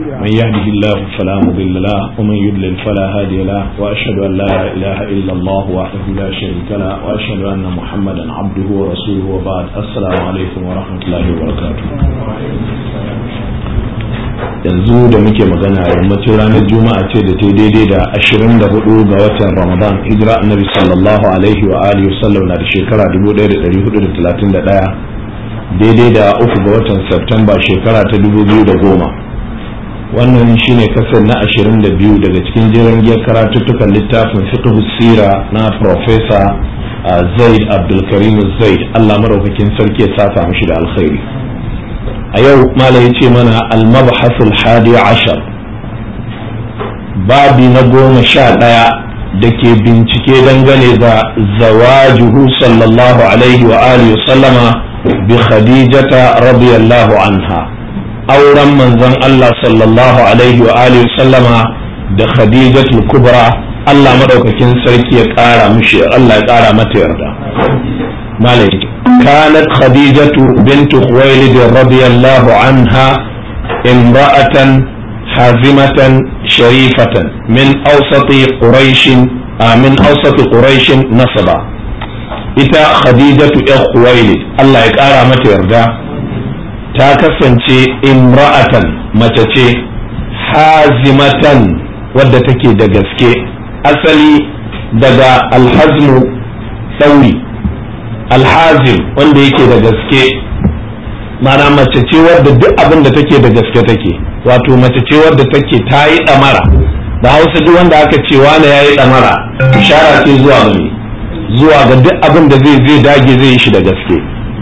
من يهده الله فلا مضل له ومن يضلل فلا هادي له وأشهد أن لا إله إلا الله وحده لا شريك له وأشهد أن محمدا عبده ورسوله وبعد السلام عليكم الله وبركاته yanzu da muke magana yammacin ranar juma'a ce da ta daidai da hudu ga watan ramadan hijira annabi sallallahu alaihi wa alihi wasallam na da shekara 1431 daidai da uku ga watan Septemba shekara ta da goma. wannan shine kasar na 22 daga cikin jiran giyar karatuttukan littafin fiqh sira na profesa uh, zaid abdulkarim zaid allah maraukakin sarki ya saka mishi da alkhairi a yau malam ya ce mana almabhasul hadi ashar babi na goma sha ɗaya da ke bincike dangane da zawajuhu sallallahu alaihi wa alihi sallama bi khadijata radiyallahu anha auren manzon Allah sallallahu alaihi wa alihi sallama da Khadijatul Kubra Allah madaukakin sarki ya kara mishi Allah ya kara mata yarda malai kanat Khadijatu bint Khuwailid radiyallahu anha imra'atan hazimatan sharifatan min awsati quraish ah, min awsati quraish nasaba ita Khadijatu ya Khuwailid Allah ya kara mata yarda ta kasance imra'atan mace ce hazimatan wadda take da gaske asali daga alhazmu sauri alhazim wanda yake da gaske mana mace ce wadda duk abin da take da gaske take wato mace ce wadda take ta yi ɗamara da hausa duk wanda aka ce wane ya yi ɗamara Shara ce zuwa gani zuwa ga duk abin da zai zai dage zai yi shi da gaske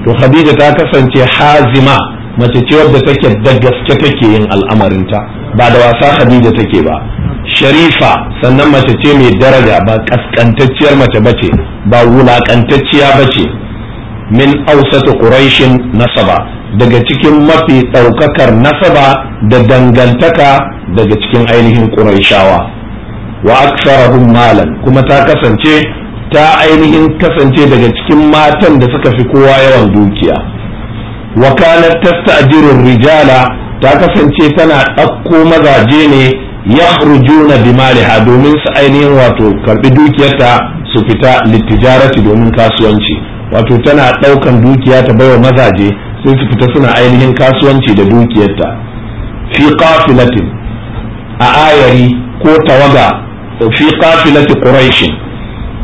to khadija ta kasance hazima mace ce wadda take da gaske take yin al'amarinta ba da wasa Khadija take ba sharifa sannan mace ce mai daraja ba kaskantacciyar mace bace ba wulakantacciya bace min ausatu quraishin nasaba daga cikin mafi ɗaukakar nasaba da dangantaka daga cikin ainihin quraishawa wa aksarahum malan kuma ta kasance ta ainihin kasance daga cikin matan da suka fi kowa yawan dukiya wa kanat tastajiru rijala ta kasance tana ɗauko mazaje ne ya bi maliha domin su ainihin wato karbi dukiyarta su fita litijarati domin kasuwanci wato tana ɗaukan dukiya ta baiwa mazaje sai su fita suna ainihin kasuwanci da dukiyarta fi qafilatin a ayari ko tawaga fi qafilati quraish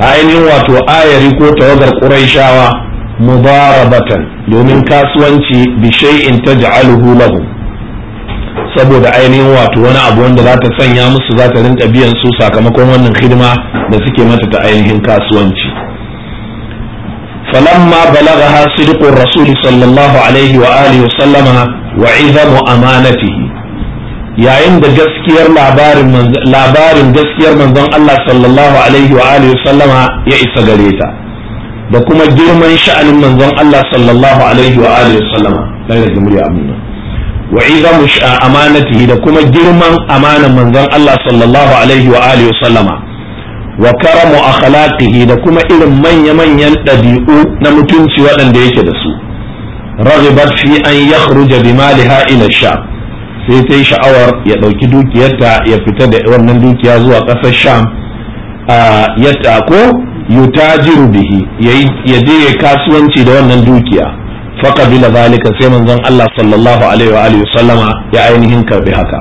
a ainihin wato ayari ko tawagar quraishawa mubarabatan domin kasuwanci in ta shay'in taj'aluhu lahum saboda ainihin wato wani abu wanda za ta sanya musu za ta rinka biyan su sakamakon wannan hidima da suke mata ta ainihin kasuwanci falamma balagaha sidqur rasul sallallahu alaihi wa alihi wa sallama wa izamu amanatihi yayin da gaskiyar labarin labarin gaskiyar manzon Allah sallallahu alaihi wa ya isa gare ta da kuma girman sha'anin manzon Allah sallallahu alaihi wa alihi wasallam la ilaha illa amina wa da kuma girman amanan manzon Allah sallallahu alaihi wa alihi sallama wa karamu akhlaqihi da kuma irin manya-manyan ɗabi'u na mutunci waɗanda yake da su raghibat fi an yakhruja bimaliha ila sha sai ta sha'awar ya ɗauki dukiyarta ya fita da wannan dukiya zuwa ƙasar sham ah, ya ko yutajiru bihi ya je ya kasuwanci da wannan dukiya faka zalika sai manzon Allah sallallahu alaihi wa alihi sallama ya ainihin karbi haka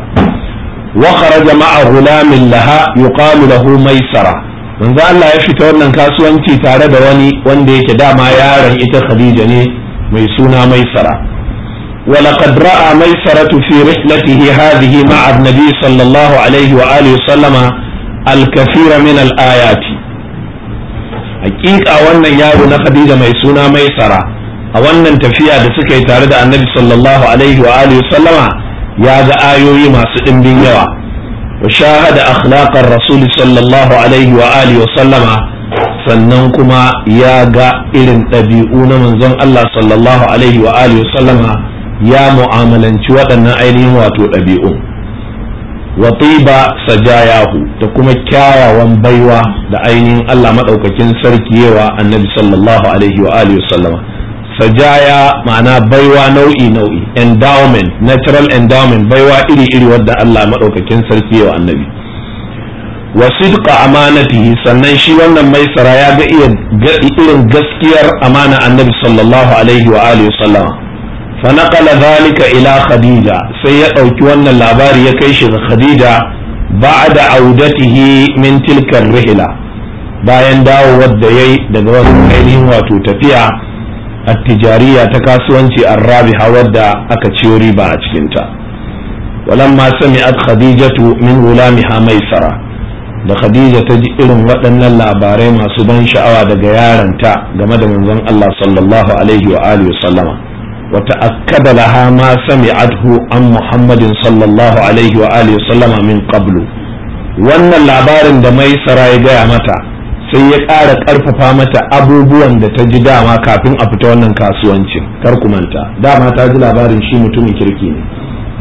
wa kharaja ma'a ghulamin laha yuqalu lahu maisara manzo Allah ya fita wannan kasuwanci tare da wani wanda yake dama yaron ita Khadija ne mai suna maisara ولقد رأى ميسرة في رحلته هذه مع النبي صلى الله عليه وآله وسلم الكثير من الآيات hakika wannan yaro na khadija mai suna mai maisara a wannan tafiya da suka yi tare da annabi sallallahu alaihi wa alihi sallama ya ga ayoyi masu dimbin yawa wa shahada akhlaqar rasul sallallahu alaihi wa alihi sallama sannan kuma ya ga irin ɗabi'u na manzon Allah sallallahu alaihi wa alihi sallama ya mu'amalanci waɗannan ainihin wato ɗabi'u wa sajayahu da kuma kyawawan baiwa da ainihin Allah madaukakin sarki yawa annabi sallallahu alaihi wa alihi wasallama sajaya ma'ana baiwa nau'i nau'i endowment natural endowment baiwa iri iri wadda Allah madaukakin sarki yawa annabi wa sidqa amanatihi sannan shi wannan mai sara ya ga irin gaskiyar amana annabi sallallahu alaihi wa alihi wasallama fa naqala zalika ila khadija sai ya ɗauki wannan labari ya kai shi ga khadija da audatihi min tilka rihla bayan dawowar da yayi daga wannan ainihin wato tafiya attijariya ta kasuwanci arrabiha wadda aka ciyo riba a cikinta sami sami'at khadijatu min mai maisara da khadija ta ji irin waɗannan labarai masu ban sha'awa daga yaranta game da manzon Allah sallallahu alaihi wa alihi wa sallama وتأكد لها ما سمعته عن محمد صلى الله عليه وآله وسلم من قبل wannan labarin da mai sara ya gaya mata sai ya ƙara ƙarfafa mata abubuwan da ta ji dama kafin a fita wannan kasuwanci. kar ku manta dama ta ji labarin shi mutumin kirki ne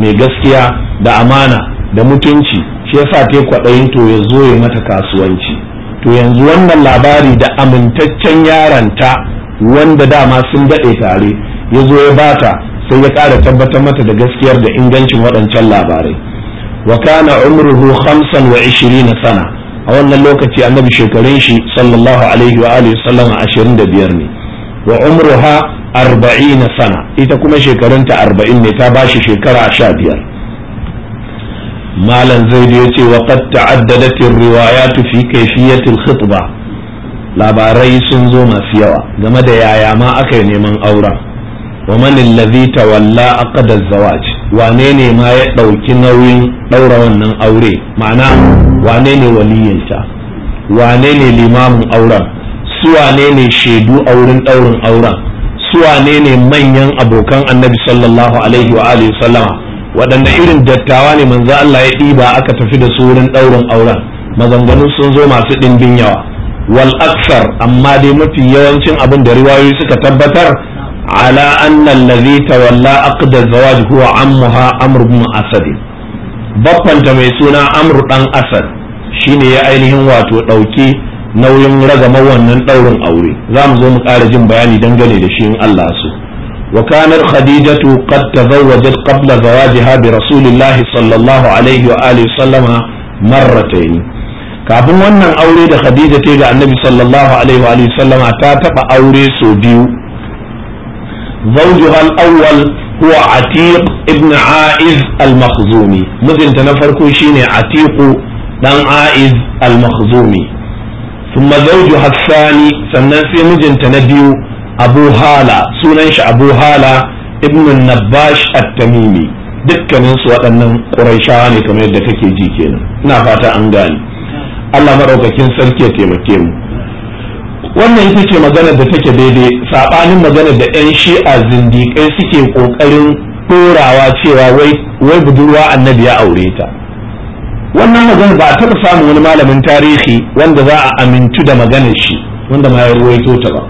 mai gaskiya da amana da mutunci shi yasa ta kwaɗayin to ya zo ya mata kasuwanci to yanzu wannan labari da amintaccen yaranta wanda dama sun daɗe tare ya zo ya bata sai ya ƙara tabbatar mata da gaskiyar da ingancin waɗancan labarai wa kana umruhu khamsan wa sana a wannan lokaci annabi shekarun shi sallallahu alaihi wa alihi sallama ashirin biyar ne wa umruha arba'ina sana ita kuma shekarunta arba'in ne ta bashi shekara sha biyar malam zaidu ya ce wa qad ta'addadat riwayatu fi kayfiyati al-khitba labarai sun zo masu yawa game da yaya ma aka yi neman auren wa manin lazita walla aqdal zawaj wane ne ma ya ɗauki nauyin ɗaura wannan aure ma'ana wane ne waliyinta wane ne limamin auren su wane ne shaidu a wurin ɗaurin auren su wane ne manyan abokan annabi sallallahu alaihi wa alihi sallama waɗanda irin dattawa ne manzo Allah ya ɗiba aka tafi da su wurin ɗaurin auren maganganun sun zo masu ɗimbin yawa wal aksar amma dai mafi yawancin abin da riwayoyi suka tabbatar على أن الذي تولى عقد الزواج هو عمها أمر mai suna amur Ɗan asad shine ya ainihin wato ɗauki nauyin ragama wannan ɗaurin aure za mu zo mu ƙara jin bayani dangane da shi in Allah so wa kanar khadijatu qad tazawwajat qabla zawajiha Jihadi, rasulillah sallallahu alaihi wa alihi sallama marratayn kafin wannan aure da khadija ta ga annabi sallallahu alaihi wa alihi ta taɓa aure sau biyu zauju al-awwal huwa atiq ibn aiz al-makhzumi mijinta na farko shine atiq dan aiz al-makhzumi thumma zawjuha ath sannan sai mijinta na biyu abu hala sunan shi abu hala ibn nabash at-tamimi dukkanin su waɗannan quraishawa ne kamar yadda kake ji kenan ina fata an gane Allah madaukakin sarki ya taimake mu wannan ita ce maganar da take daidai saɓanin maganar da 'yan shi'a zindikai suke ƙoƙarin ɗorawa cewa wai budurwa annabi ya aure ta wannan maganar ba a taɓa samun wani malamin tarihi wanda za a amintu da maganar shi wanda ma ya ruwaito ta ba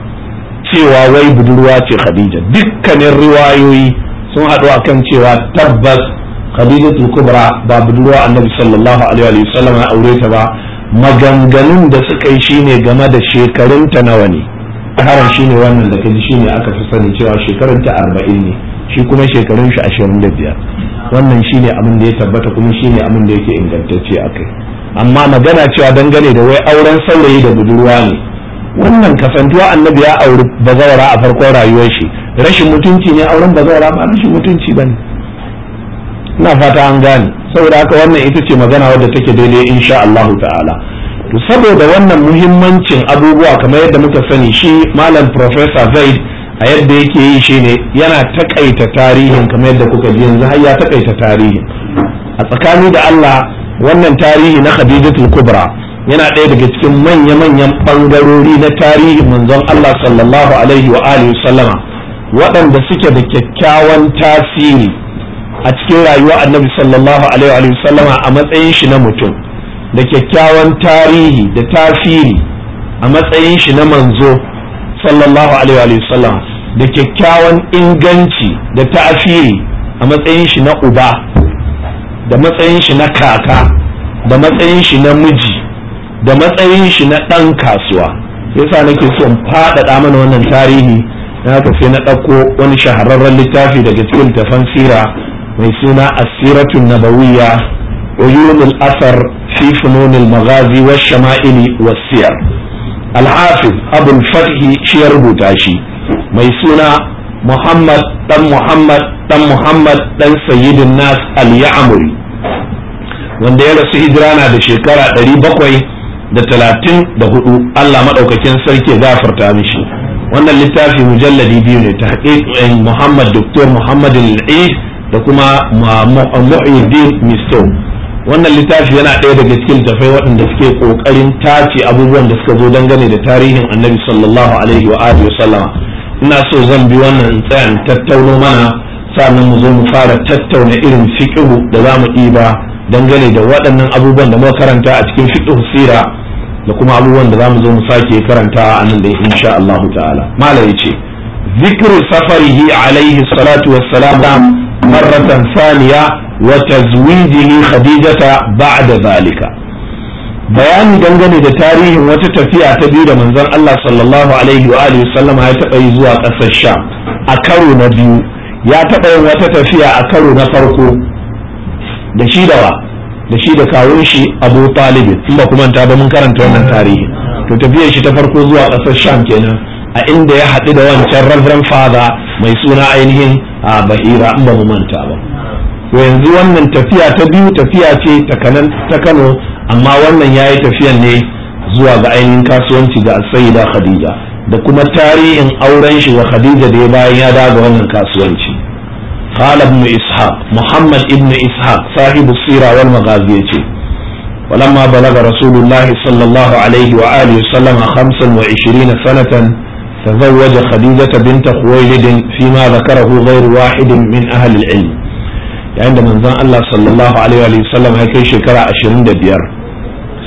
cewa wai budurwa ce khadija dukkanin riwayoyi sun haɗu akan cewa tabbas khadija kubra ba budurwa annabi sallallahu alaihi wa sallam ya aure ta ba maganganun da suka yi shine game da shekarunta nawa ne haran shine wannan da kaji shine aka fi sani cewa shekarunta arba'in ne shi kuma shekarun shi ashirin da biyar wannan shine abin da ya tabbata kuma shine abin da yake ingantacce akai amma magana cewa dangane da wai auren saurayi da budurwa ne wannan kasantuwa annabi ya auri bazawara a farkon rayuwar shi rashin mutunci ne auren bazawara ba rashin mutunci ba ne ina fata an gane saboda haka wannan ita ce magana wadda take daidai insha Allah ta'ala to saboda wannan muhimmancin abubuwa kamar yadda muka sani shi malam professor Zaid a yadda yake yi shine yana takaita tarihin kamar yadda kuka ji yanzu har ya takaita tarihin a tsakani da Allah wannan tarihi na Khadijatul Kubra yana ɗaya daga cikin manya-manyan ɓangarori na tarihin manzon Allah sallallahu alaihi wa alihi sallama waɗanda suke da kyakkyawan tasiri a cikin rayuwar annabi sallallahu alaihi wa sallama a matsayin shi na mutum da kyakkyawan tarihi da tasiri a matsayin shi na manzo sallallahu alaihi wa sallama da kyakkyawan inganci da tasiri a matsayin shi na uba da matsayin shi na kaka da matsayin shi na miji da matsayin shi na ɗan kasuwa yasa nake so son faɗaɗa mana wannan tarihi na tafi na ɗauko wani shahararren littafi daga cikin tafan sira mai suna asiratun nabawiyya uyunul asar fi fununil magazi wa shama'ili wa siyar al-hafiz abul fathi shi ya rubuta shi mai suna muhammad dan muhammad dan muhammad dan sayyidin nas al-ya'muri wanda ya rasu hijira na da shekara 734 Allah madaukakin sarki gafarta mishi wannan littafi mujalladi biyu ne ta eh, Muhammad Dr. Muhammad al-Eid da kuma mu'ayyidin misto wannan littafi yana ɗaya daga cikin tafai waɗanda suke ƙoƙarin tace abubuwan da suka zo dangane da tarihin annabi sallallahu alaihi wa alihi sallama ina so zan bi wannan tsayan tattauno mana sannan mu zo mu fara tattauna irin fiqhu da za mu ɗiba dangane da waɗannan abubuwan da muka karanta a cikin fiqhu sira da kuma abubuwan da za mu zo mu sake karanta a nan da insha Allah ta'ala malai ce zikru safarihi alaihi salatu wassalam marratan saniya wa tazwijihi khadijata da zalika bayani dangane da tarihin wata tafiya ta biyu da manzon Allah sallallahu ya taɓa a karo ya taɓa yin wata tafiya a karo na farko da shi da wa da kawun shi Abu Talib in ba kuma ta ba karanta wannan tarihi to tafiyar shi ta farko zuwa ƙasar Sham kenan a inda ya haɗu da wancan reverend father mai suna ainihin a bahira in ba mu manta ba yanzu wannan tafiya ta biyu tafiya ce ta kano amma wannan ya yi tafiyan ne zuwa ga ainihin kasuwanci ga al-sayyida khadija da kuma tarihin auren shi wa khadija da ya bayan ya daga wannan kasuwanci قال mu إسحاق muhammad ibnu إسحاق صاحب السيرة والمغازية ولما بلغ رسول الله صلى الله عليه وآله وسلم خمسا وعشرين سنة تزوج خديجة بنت خويلد فيما ذكره غير واحد من أهل العلم yayin da manzon Allah sallallahu alaihi wa sallam ya kai shekara biyar.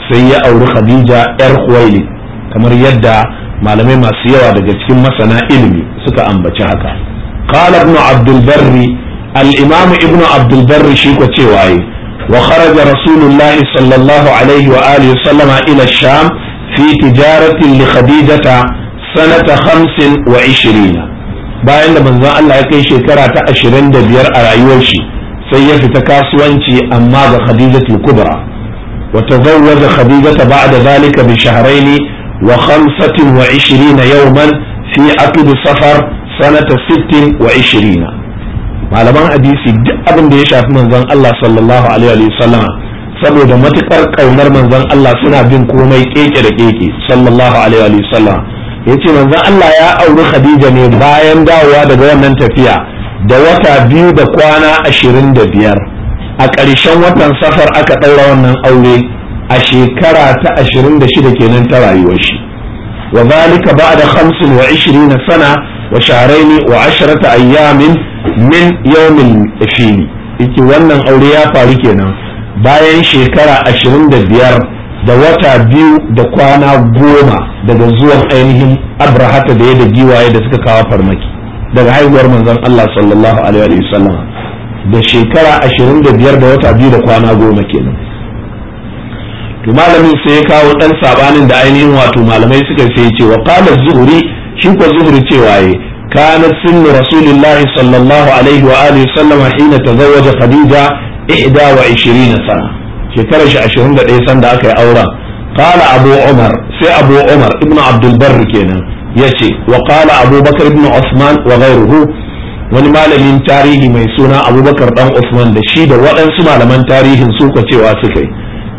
sai ya auri Khadija yar Khuwailid kamar yadda malamai masu yawa daga cikin masana ilimi suka ambaci haka qala ibn Abdul Barri al-imam ibn Abdul Barri shi ko cewa yi wa kharaja rasulullahi sallallahu alaihi wa alihi wa sallama ila sham fi tijaratin li Khadijata sanata hamsin wa ishirina bayan da manzon Allah ya kai shekara ta ashirin da biyar a rayuwar shi sai ya fita kasuwanci amma ga khadijatul kubra wa tazawwaja ta ba'da zalika bi shahrayn wa khamsatin wa ishirina yawman fi aqd safar sanata sittin wa ishirina malaman hadisi duk abin da ya shafi manzon Allah sallallahu alaihi wa saboda matukar kaunar manzon Allah suna bin komai keke da keke sallallahu alaihi wa yace manzon Allah ya auri Khadija ne bayan dawowa daga wannan tafiya da wata biyu da kwana ashirin da biyar a ƙarshen watan safar aka ɗaura wannan aure a shekara ta ashirin da shida kenan ta rayuwar shi wa zalika ba'da khamsin wa ishirin sana wa sharaini wa asharata ayyamin min yawmin fili yake wannan aure ya faru kenan bayan shekara ashirin da biyar da wata biyu da kwana goma daga zuwan ainihin abrahata da ya da giwaye da suka kawo farmaki daga haihuwar manzon Allah sallallahu alaihi sallam. da shekara ashirin da biyar da wata biyu da kwana goma kenan to malamin sai ya kawo dan sabanin da ainihin wato malamai suka sai ce wa qala zuhri shi ko zuhri cewa yi kana sunnu rasulillahi sallallahu alaihi wa alihi wasallam hina tazawwaja khadija 21 sana shekarar shi ashirin da ɗaya sanda aka yi auren qala abu umar sai abu umar ibnu abdul barr kenan ya wa qala abubakar ibnu usman wa wani malamin tarihi mai suna abubakar dan usman da shi da waɗansu malaman tarihin ka cewa suka yi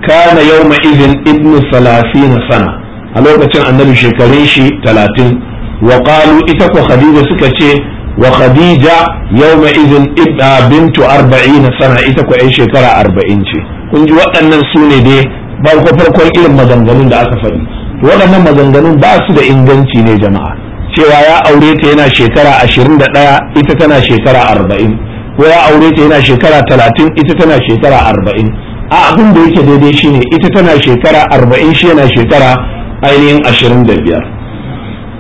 kana yau izin ibnu salasin sana a lokacin annabi shekarun shi talatin wa ita ko khadija suka ce wa khadija yawma idin ibda bintu arba'in sana ita ko ai shekara arba'in ce kun ji waɗannan sune ne dai farko farkon irin maganganun da aka faɗi waɗannan maganganun ba su da inganci ne jama'a cewa ya aure ta yana shekara ashirin da ɗaya ita tana shekara arba'in ko ya aure ta yana shekara talatin ita tana shekara arba'in a abin da yake daidai shine ita tana shekara arba'in shi shekara ainihin ashirin da biyar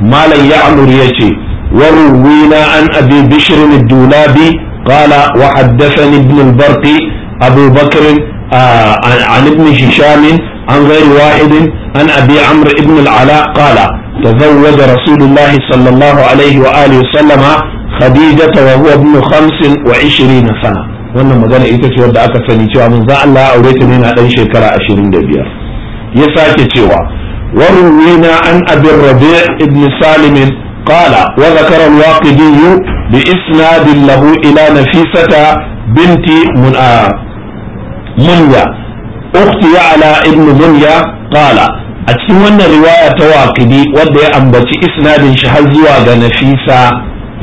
malam ya'mur ya ce وروينا عن أبي بشر الدولابي قال وحدثني ابن البرق أبو بكر آه عن ابن هشام عن غير واحد عن أبي عمرو ابن العلاء قال تزوج رسول الله صلى الله عليه وآله وسلم خديجة وهو ابن خمس وعشرين سنة wannan magana ita ce wadda aka sani cewa mun za Allah ya aure ta ne na dan shekara 25 ya sake cewa wa ruwina an abin rabi' ibn salim قال وذكر الواقدي بإسناد له إلى نفيسة بنت من منيا أختي على ابن منيا قال أتسمى أن رواية واقدي ودي أنبتي إسناد شهزوا نفيسة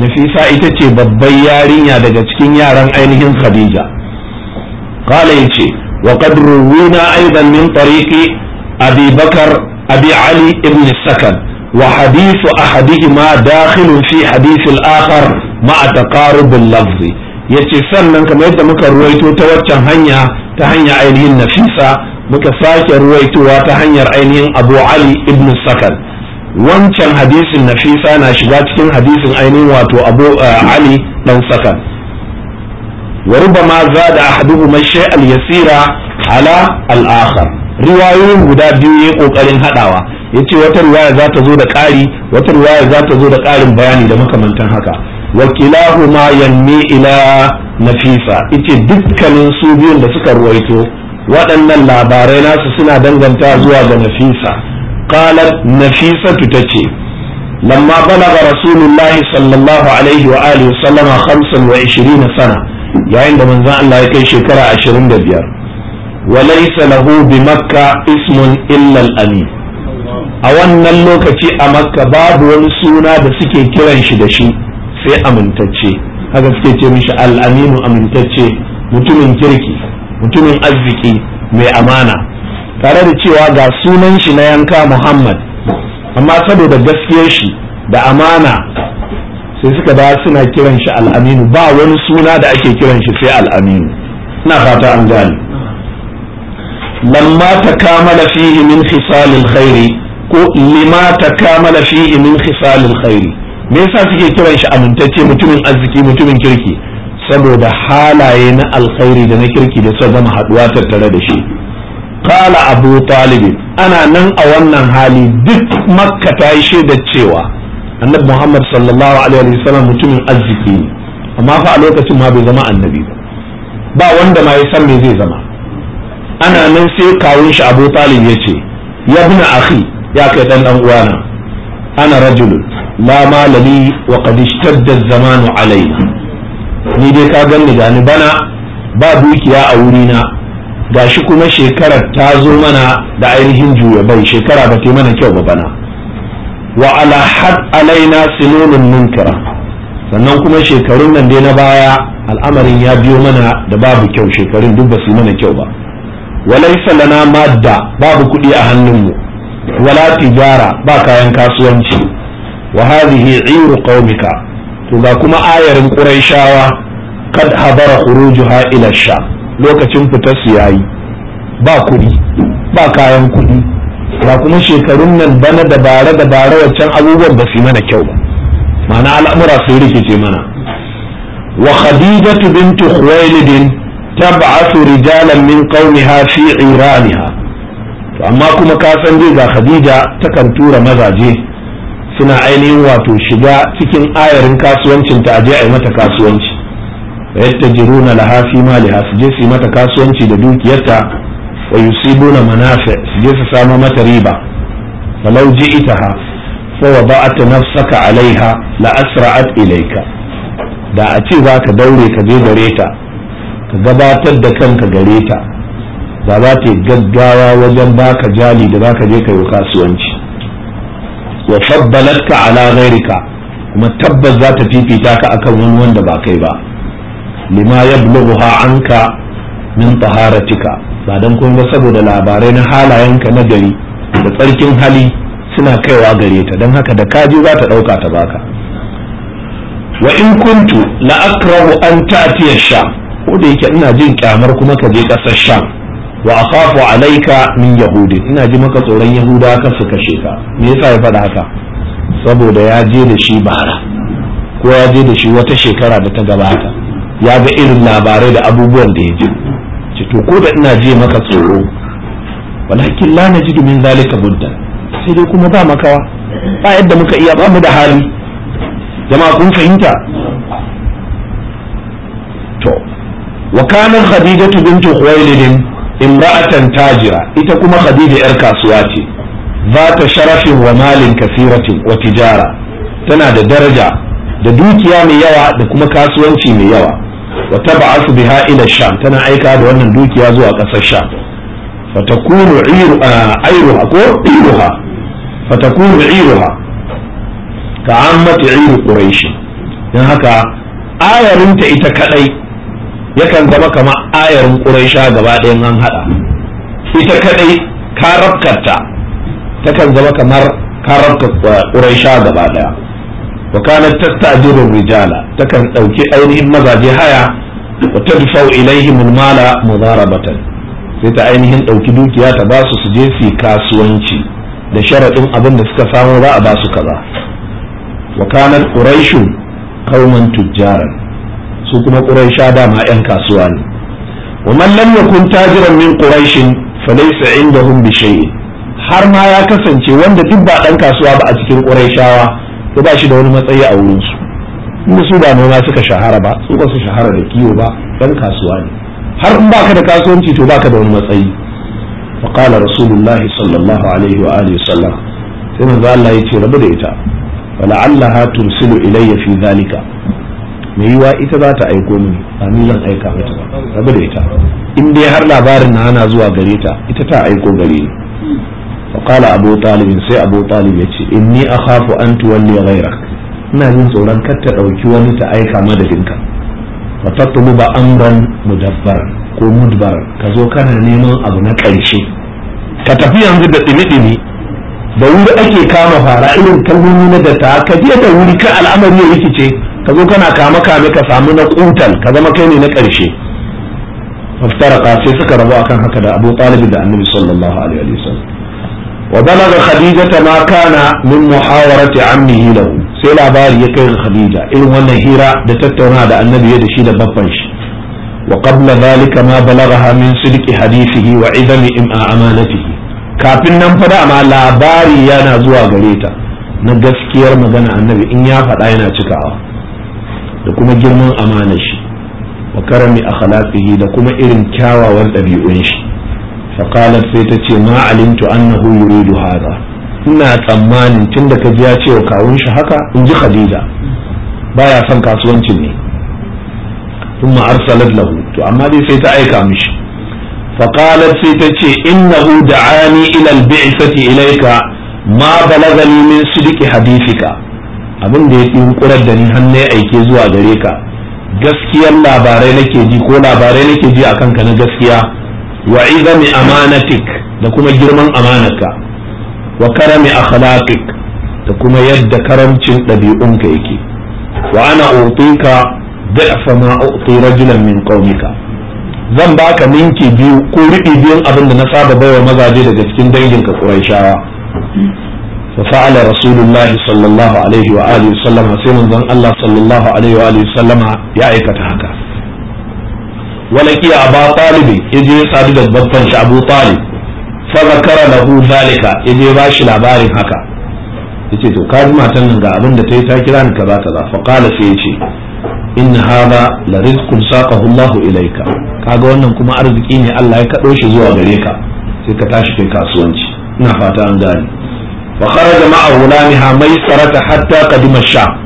نفيسة إتتي ببيارين يا دجتكين يا رن أينهم خديجة قال يتي وقد روينا أيضا من طريق أبي بكر أبي علي ابن السكن wa hadithu ahadihima dakhilun fi hadith al-akhar ma'a taqarub al-lafz yace sannan kamar yadda muka ruwaito ta waccan hanya ta hanyar ainihin nafisa muka sake ruwaitowa ta hanyar ainihin Abu Ali ibn Sakan wancan hadisin nafisa na shiga cikin hadisin ainihin wato Abu eh, Ali dan Sakan wa rubama zada ahaduhuma shay'al yasira ala al-akhar riwayoyin guda biyu yayin ƙoƙarin haɗawa. yace wata riwaya za ta zo da ƙari wata riwaya za ta zo da ƙarin bayani da makamantan haka wa kilahuma yanmi ila nafisa ita dukkanin su biyun da suka ruwaito waɗannan labarai nasu suna danganta zuwa ga nafisa qalat nafisatu tace lamma balaga rasulullahi sallallahu alaihi wa alihi wa sallama 25 sana yayin da manzon Allah ya kai shekara 25 wa laysa lahu bi makka ismun illa al-amin a wannan lokaci a makka babu wani suna da suke kiran shi da shi sai amintacce haka suke ce mishi al'aminu amintacce mutumin kirki mutumin arziki mai amana tare da cewa ga sunan shi na yanka muhammad amma saboda gaskiyar shi da amana sai suka ba suna kiran shi al'aminu ba wani suna da ake kiran shi sai al'aminu na fata an gani. lamma takamala fihi min khisalil khairi ko lima takamala fihi min khisalil khairi me yasa suke kiran shi amintacce mutumin arziki mutumin kirki saboda halaye na alkhairi da na kirki da suka zama haduwa tattare da shi qala abu talib ana nan a wannan hali duk makka ta yi shaidar cewa annabi muhammad sallallahu alaihi wasallam mutumin arziki ne amma fa a lokacin ma bai zama annabi ba ba wanda ma ya san me zai zama ana nan sai kawun shi abu talib ya ce ya buna akhi ya kai dan dan uwana ana rajul la malali wa qad ishtadda zamanu alayna ni dai ka ni gani bana ba dukiya a wuri wurina gashi kuma shekarar ta zo mana da ainihin juya bai shekara ba ta mana kyau ba bana wa ala had alaina sinunun munkara sannan kuma shekarun nan dai na baya al'amarin ya biyo mana da babu kyau shekarun duk ba su mana kyau ba walaysa lana madda babu kuɗi a hannunmu wala tijara ba kayan kasuwanci wa hadhihi iru qaumika to ga kuma ayarin quraishawa kad habara khurujuha ila sha lokacin fitar su yayi ba kuɗi ba kayan kuɗi ga kuma shekarun nan bana da bare da bare waccan abubuwan ba su mana kyau ba ma'ana al'amura sun rikice mana wa khadijatu bintu khuwailidin tab'athu rijalan min qaumiha fi iraniha to amma kuma ka san dai ga Khadija takan tura mazaje suna ainihin wato shiga cikin ayarin kasuwancin ta aje a mata kasuwanci yadda jiruna laha fi maliha su je su yi mata kasuwanci da dukiyarta wa yusibuna manafi su je su samu mata riba falau ji'itaha fa wada'at nafsaka alaiha la asra'at ilayka da a ce za ka daure ka je gare ta ka gabatar da kanka gare ta ba za ta gaggawa wajen baka jali da ka je ka yi kasuwanci wa faddalatka ala ghairika kuma tabbas za ta fifita ka akan wani wanda ba kai ba lima yablughuha anka min taharatika ba dan kun ga saboda labarai na halayenka na gari da tsarkin hali suna kaiwa gare ta don haka da kaji za ta ɗauka ta baka wa in kuntu la akrahu an ta'tiya sha ko da yake ina jin kyamar kuma ka je kasar sham wa akhafu alaika min yahudi ina ji maka tsoron yahuda ka su kashe ka me yasa ya faɗa haka saboda ya je da shi bara ko ya je da shi wata shekara da ta gabata ya ga irin labarai da abubuwan da ya ji ce to ko da ina ji maka tsoro walakin la najidu min zalika budda sai dai kuma ba makawa ba yadda muka iya ba mu da hali jama'a kun fahimta to wa kanan khadijatu bintu khuwailidin imra'atan tajira ita kuma khadija yar kasuwa ce zata sharafin wa malin kasiratin wa tijara tana da daraja da dukiya mai yawa da kuma kasuwanci mai yawa wa tab'asu biha ila sha tana aika da wannan dukiya zuwa ƙasar sham fatakunu ayruha ko iruha fatakunu iruha ka ammati iru quraishi dan haka ayarinta ita kadai yakan zama kamar ayarin ƙuraisha gaba ɗayan an haɗa ita kadai ka rabkarta kan zama kamar ka rabka ƙuraisha eh, gaba ɗaya wa kana tastajiru rijala ta kan ɗauki ainihin mazaje haya wa tadfau ilaihim mala mudarabatan sai ta ainihin ɗauki dukiya ta ba su su je su kasuwanci da sharaɗin abin da suka samu za a ba su kaza wa kana quraishu qauman tujjaran su kuma quraisha dama yan kasuwa ne wa man lam yakun tajiran min quraish falaysa indahum bi shay'in har ma ya kasance wanda duk ba ɗan kasuwa ba a cikin ƙuraishawa to ba shi da wani matsayi a wurin su inda su ba noma suka shahara ba su ba su shahara da kiwo ba Ɗan kasuwa ne har in baka da kasuwanci to baka da wani matsayi fa qala rasulullahi sallallahu alaihi wa alihi sallam sai manzo Allah ya ce rabu da ita wala allaha tursilu ilayya fi zalika mai yiwa ita za ta aiko mini ba ni zan aika mata ba rabu da ita in dai har labarin na ana zuwa gare ta ita ta aiko gare ni faƙala abu talibin sai abu talib ya ce in ni a hafu an tuwalli ghaira ina jin tsoron kar ta ɗauki wani ta aika madadinka wa tattulu ba amran mudabbar ko mudbar ka zo kana neman abu na ƙarshe ka tafi yanzu da ɗimi-ɗimi da wuri ake kama fara irin kalmomi na da ta ka je da wuri ka al'amari ya rikice ka zo kana kama kame ka samu na kutal ka zama kai ne na ƙarshe maftaraka sai suka rabu akan haka da abu talib da annabi sallallahu alaihi wasallam wa balaga khadija ma kana min muhawarati ammihi lahu sai labari ya kai khadija irin wannan hira da tattauna da annabi da shi da babban shi wa qabla dhalika ma balagha min sidqi hadithihi wa idami amanatihi kafin nan fa dama labari yana zuwa gare ta na gaskiyar magana annabi in ya faɗa yana cikawa da kuma girman amana shi wa karami akhlaqihi da kuma irin kyawawan ɗabi'un shi faqalat sai ta ce ma alimtu annahu yuridu hadha ina tsammanin tunda ka ji ya ce wa kawun shi haka in ji khadija baya son kasuwancin ne ثم أرسلت له aika أما دي سيتا أي كامش da سيتا إنه دعاني إلى البعثة إليك ما بلغني من صدق حديثك abin da ya tsinkurar da ni hannu ya aike zuwa gare ka gaskiyar labarai nake ji ko labarai nake ji a kanka na gaskiya wa izami amanatik da kuma girman amanarka wa karami akhlaqik da kuma yadda karamcin ɗabi'unka yake wa ana utika da'fa ma uti rajulan min qaumika zan baka minki biyu ko riɗi biyun abin da na saba baiwa mazaje daga cikin danginka Qurayshawa ففعل رسول الله صلى الله عليه وآله وسلم سيمن ذن الله صلى الله عليه وآله وسلم يا أيكة هكا ولكي أبا طالب shi صادق بطن أبو طالب فذكر له ذلك يجي باش لبارك هكا yace to ka ji nan ga abin da ta yi ta kira ni kaza kaza fa qala sai yace in hada la rizqun saqahu Allahu kaga wannan kuma arziki ne Allah ya kaɗo shi zuwa gare ka sai ka tashi kai kasuwanci ina fata an فخرج مع غلامها ميسرة حتى قدم الشام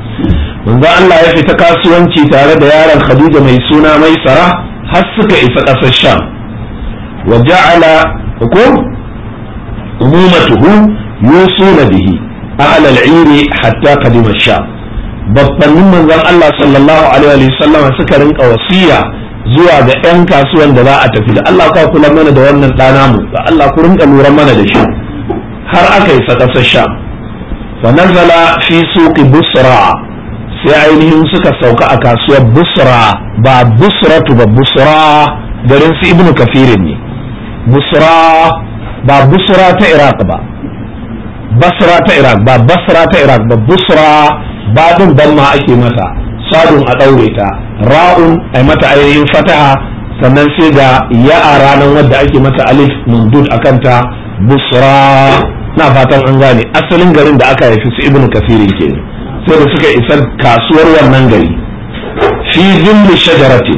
manzo Allah ya fita kasuwanci tare da yaron Khadija mai suna Maisara har suka isa ƙasar Sham wa ja'ala ko umumatuhu yusuna bihi ala al-iri hatta qadima Sham babbannin manzon Allah sallallahu alaihi wa sallam suka rinka wasiya zuwa ga 'yan kasuwan da za a tafi da Allah ka kula mana da wannan ɗana mu Allah ku rinka lura mana da shi har aka isa ƙasar sham fa nazala fi suqi busra sai ainihin suka sauka a kasuwar busra ba busratu ba busra garin su ibnu kafirin ne busra ba busra ta iraq ba basra ta iraq ba basra ta iraq ba busra ba din ma ake mata sadun a daure ta ra'un ai mata ainihin fataha sannan sai ga ya a ranar wadda ake mata alif mundud a kanta busra na fatan an gane asalin garin da aka haifi su ibnu kasirin ke sai da suka isa kasuwar wannan gari fi zilli shajarati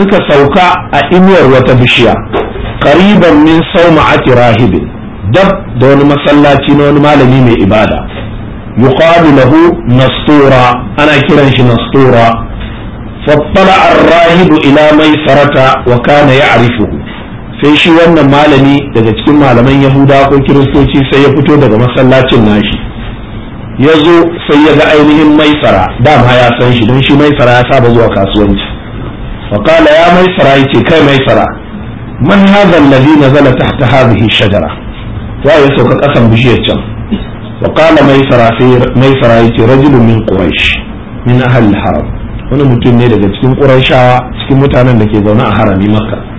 suka sauka a inuwar wata bishiya qariban min sauma'ati rahibin dab da wani masallaci na wani malami mai ibada yuqalu lahu nastura ana kiran shi nastura tala ar-rahibu ila maisarata wa kana ya'rifuhu sai shi wannan malami daga cikin malaman yahuda ko kiristoci sai ya fito daga masallacin nashi ya zo sai ya ga ainihin maisara dama ya san shi don shi maisara ya saba zuwa kasuwanci faƙala ya maisara ya ce kai maisara man hadha alladhi nazala tahta hadhihi shajara wa ya sauka kasan bishiyar can faƙala maisara sai maisara ya ce rajulun min quraish min ahli haram wani mutum ne daga cikin qurayshawa cikin mutanen da ke zaune a harami makka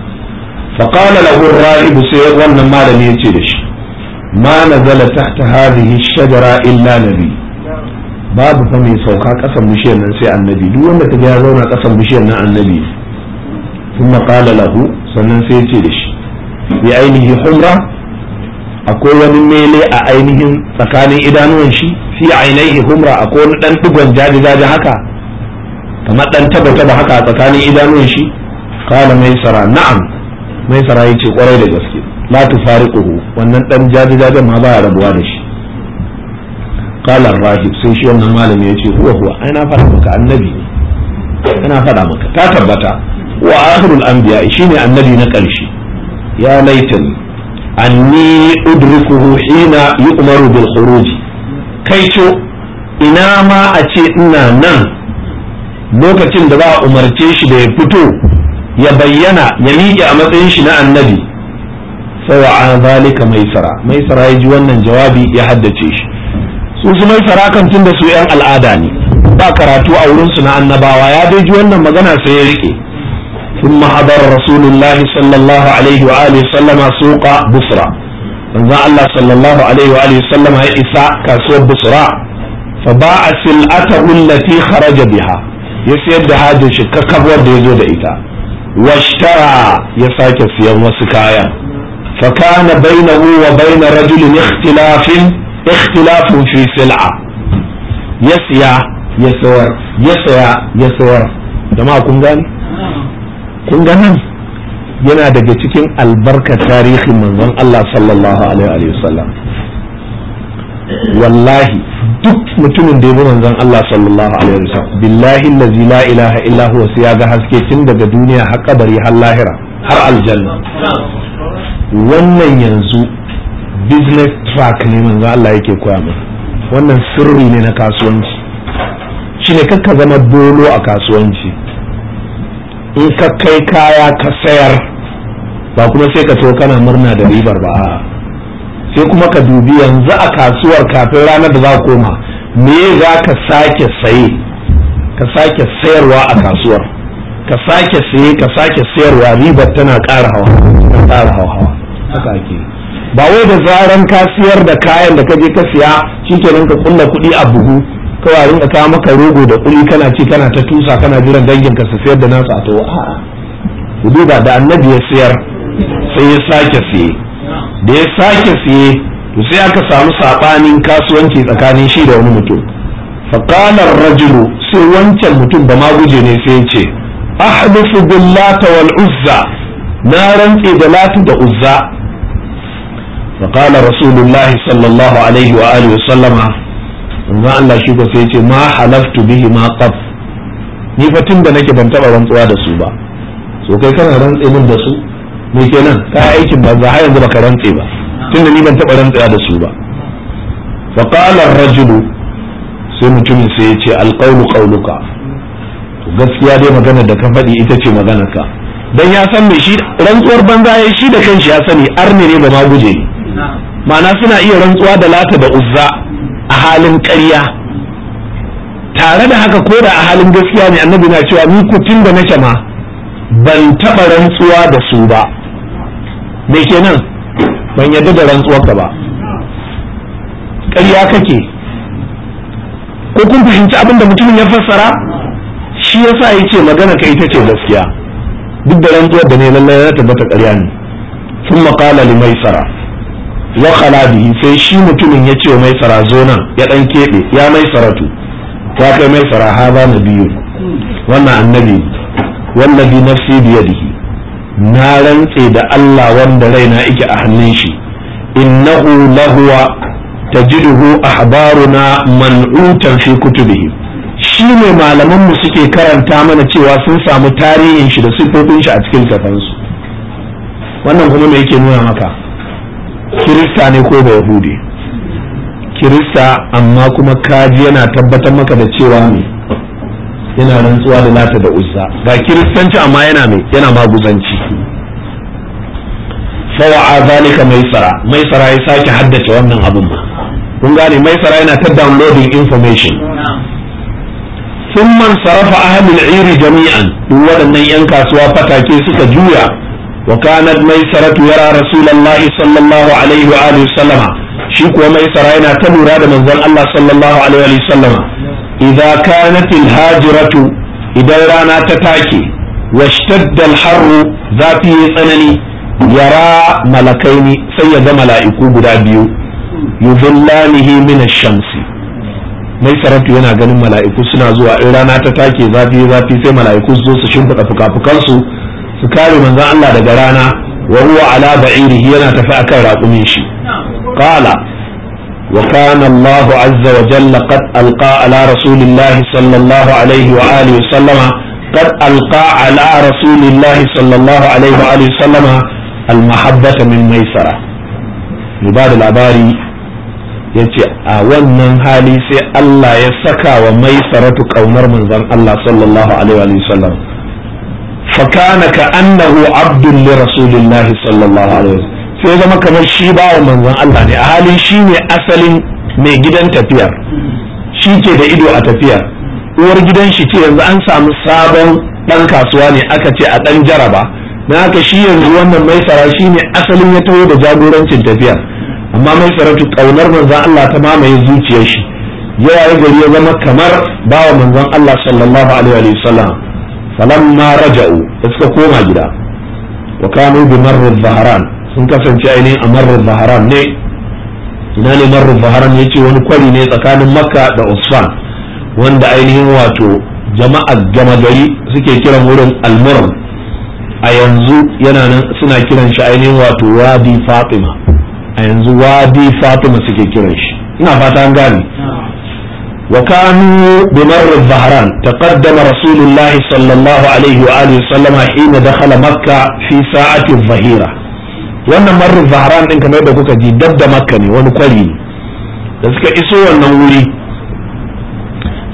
فقال له الرائب سير wannan malami yace da shi ma nazala tahta hadhihi shajara illa nabi babu fa mai sauka kasan bishiyar nan sai annabi duk wanda kaga ya zauna kasan bishiyar nan annabi kuma qala lahu sannan sai yace da shi bi ainihi humra akwai wani mele a ainihin tsakanin idanuwan shi fi ainihi humra akwai wani dan digon jaji jaji haka kamar dan taba taba haka a tsakanin idanuwan shi qala maisara na'am mai sarayi ce kwarai da gaske la tufariquhu wannan dan jaji ma ba ya rabuwa da shi qala rahib sai shi wannan malami yace huwa huwa ai na faɗa maka annabi ne ina faɗa maka ta tabbata wa akhirul anbiya shine annabi na ƙarshe ya laitani anni udrikuhu hina yu'maru bil khuruj kaico ina ma a ce ina nan lokacin da za a umarce shi da ya fito ya bayyana ya miƙe a matsayin shi na annabi sai sawa zalika maisara maisara ya ji wannan jawabi ya haddace shi su su maisara kan tun da su yan al'ada ne ba karatu a wurin su na annabawa ya dai ji wannan magana sai ya rike ثم حضر رسول الله صلى الله عليه وآله وسلم سوق بصرى manzon Allah sallallahu alaihi wa alihi sallama ya isa kasuwar Busra fa ba'a sil'atahu allati kharaja biha ya sayar da hajin shi kakkabwar da yazo da ita washtara ya sake siyan wasu kayan fakana bainahu wa baina rajulin ikhtilafin ikhtilafun fi sil'a ya siya ya sawar ya saya ya yana daga cikin albarkar tarihin manzon Allah sallallahu alaihi wa sallam wallahi duk mutumin da ya bi manzon Allah sallallahu alaihi wasallam billahi allazi la ilaha illa huwa sai ga haske tun daga duniya har kabari har lahira har aljanna wannan yanzu business track ne manzon Allah yake koya mu wannan sirri ne na kasuwanci shine kakka zama dolo a kasuwanci in ka kai kaya ka sayar ba kuma sai ka to kana murna da ribar ba sai kuma ka dubi yanzu a kasuwar kafin ranar da za ka koma me za ka sake saye ka sake sayarwa a kasuwar ka sake saye ka sake sayarwa ribar tana ƙara hawa tana ƙara hawa hawa haka ke ba wai da zaran ka siyar da kayan da ka je ka siya shikenan ka kulla kuɗi a buhu kawai rinka kawo maka rogo da kuli kana ci kana ta tusa kana jiran dangin ka su sayar da nasu a to a'a duba da annabi ya siyar sai ya sake siye da ya sake siye to sai aka samu saɓanin kasuwanci tsakanin shi da wani mutum faƙalar rajulu sai wancan mutum ba ma guje ne sai ce ahlufu billata wal uzza na rantse da latu da uzza faƙalar rasulullahi sallallahu alaihi wa alihi sallama manzo Allah shi ko sai ce ma halaftu bihi ma qab ni fa tunda nake ban taba rantsuwa da su ba so kai kana rantse min da su me kenan ka aikin za har yanzu baka rantse ba tunda ni ban taba rantsa da su ba fa qala ar sai mutumin sai ya ce alqawlu qawluka to gaskiya dai maganar da ka faɗi ita ce maganar ka dan ya san me shi rantsuwar banza ya shi da kanshi ya sani arne ne ba ma guje ma'ana suna iya rantsuwa da lata da uzza a halin ƙarya tare da haka ko da a halin gaskiya ne annabi na cewa ni kutin da na ma ban taɓa rantsuwa da su ba me kenan ban yadda da rantsuwarka ba ƙarya kake ko kun fahimci abin da mutumin ya fassara shi yasa ya ce magana ka ita ce gaskiya duk da rantsuwar da ne lallai ya tabbata ƙarya ne sun maƙala limaisara wa bihi sai shi mutumin ya ce wa maisara zo nan ya ɗan keɓe ya tu ta kai maisara ha ba na biyu wannan annabi wannan bi nafsi biyadihi na rantse da Allah wanda raina yake a hannun shi innahu lahuwa tajiduhu ahbaruna man'utan fi kutubihi shi ne malaman mu suke karanta mana cewa sun samu tarihin shi da sifofin shi a cikin tafansu wannan kuma me yake nuna maka kirista ne ko ba yahudi kirista amma kuma kaji yana tabbatar maka da cewa ne yana rantsuwa da nata da uzza ga kiristanci amma yana mai yana maguzanci fawa'a zalika maisara maisara ya sake haddace wannan abin ba kun gane maisara yana ta downloading information man sarafa ahlul iri jami'an duk waɗannan yan kasuwa fatake suka juya wa kanat maisaratu yara rasulullahi sallallahu alaihi wa alihi sallama shi kuwa maisara yana ta lura da manzon Allah sallallahu alaihi wa sallama kana kanat alhajratu idan rana ta take washtadda alharru zafi ya tsanani yara malakaini sai ya ga mala'iku guda biyu yuzillanihi min ash-shamsi mai saratu yana ganin mala'iku suna zuwa in rana ta take zafi zafi sai mala'iku su zo su shimfiɗa fuka su kare manzon Allah daga rana wa huwa ala ba'irihi yana tafi akan raƙumin shi qala وكان الله عز وجل قد ألقى على رسول الله صلى الله عليه وآله وسلم قد ألقى على رسول الله صلى الله عليه وآله وسلم المحبة من ميسرة مباد العباري yace a wannan hali sai Allah ya saka wa mai saratu kaunar manzon Allah sallallahu alaihi wa sallam fa kana ka annahu abdun li rasulillahi sallallahu alaihi wa sallam sai zama kamar shi bawa manzon Allah ne a halin shi ne asalin mai gidan tafiyar shi ke da ido a tafiyar uwar gidan shi ce yanzu an samu sabon dan kasuwa ne aka ce a dan jaraba na haka shi yanzu wannan mai sara shi ne asalin ya taho da jagorancin tafiyar amma mai tu kaunar manzon Allah ta mamaye zuciyar shi yawa gari ya zama kamar bawa manzon Allah sallallahu alaihi wa sallam falamma raja'u suka koma gida wa kanu bi marr sun kasance ainihin a marar baharan ne ina ne marar baharan ya ce wani kwari ne tsakanin makka da Usman, wanda ainihin wato jama'ar gama gari suke kiran wurin almuran a yanzu yana nan suna kiran shi ainihin wato wadi fatima a yanzu wadi fatima suke kiran shi ina fata an gane وكانوا بمر الظهران تقدم رسول الله صلى الله عليه وآله وسلم حين دخل مكة في ساعة الظهيرة wannan marin zaharan din kamar da kuka ji dab da makka ne wani kwari ne da suka iso wannan wuri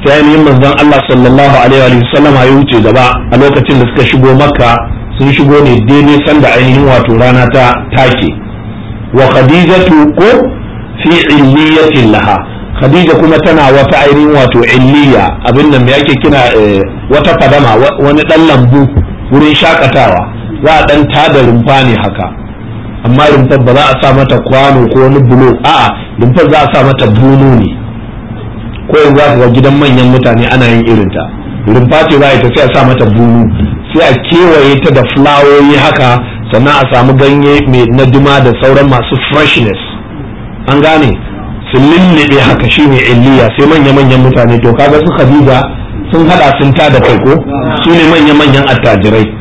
sai ainihin manzon Allah sallallahu alaihi wa sallam ya wuce gaba a lokacin da suka shigo makka sun shigo ne daidai sanda ainihin wato rana ta take wa khadijatu ko fi illiyatin laha khadija kuma tana wata ainihin wato illiya abin nan me yake kina eh, wata fadama wani dan lambu wurin shakatawa za a dan tada rumfa ne haka amma rumfar ba za a sa mata kwano ko wani bulo a'a rumfar za a sa mata bulo ne ko yanzu za ga gidan manyan mutane ana yin irin ta rumfa ce za ta sai a sa mata bulo sai a kewaye ta da fulawoyi haka sannan a samu ganye mai na duma da sauran masu freshness an gane su lullube haka shi ne illiya sai manya-manyan mutane to kaga su khadija sun hada sun ta kai ko su ne manya-manyan attajirai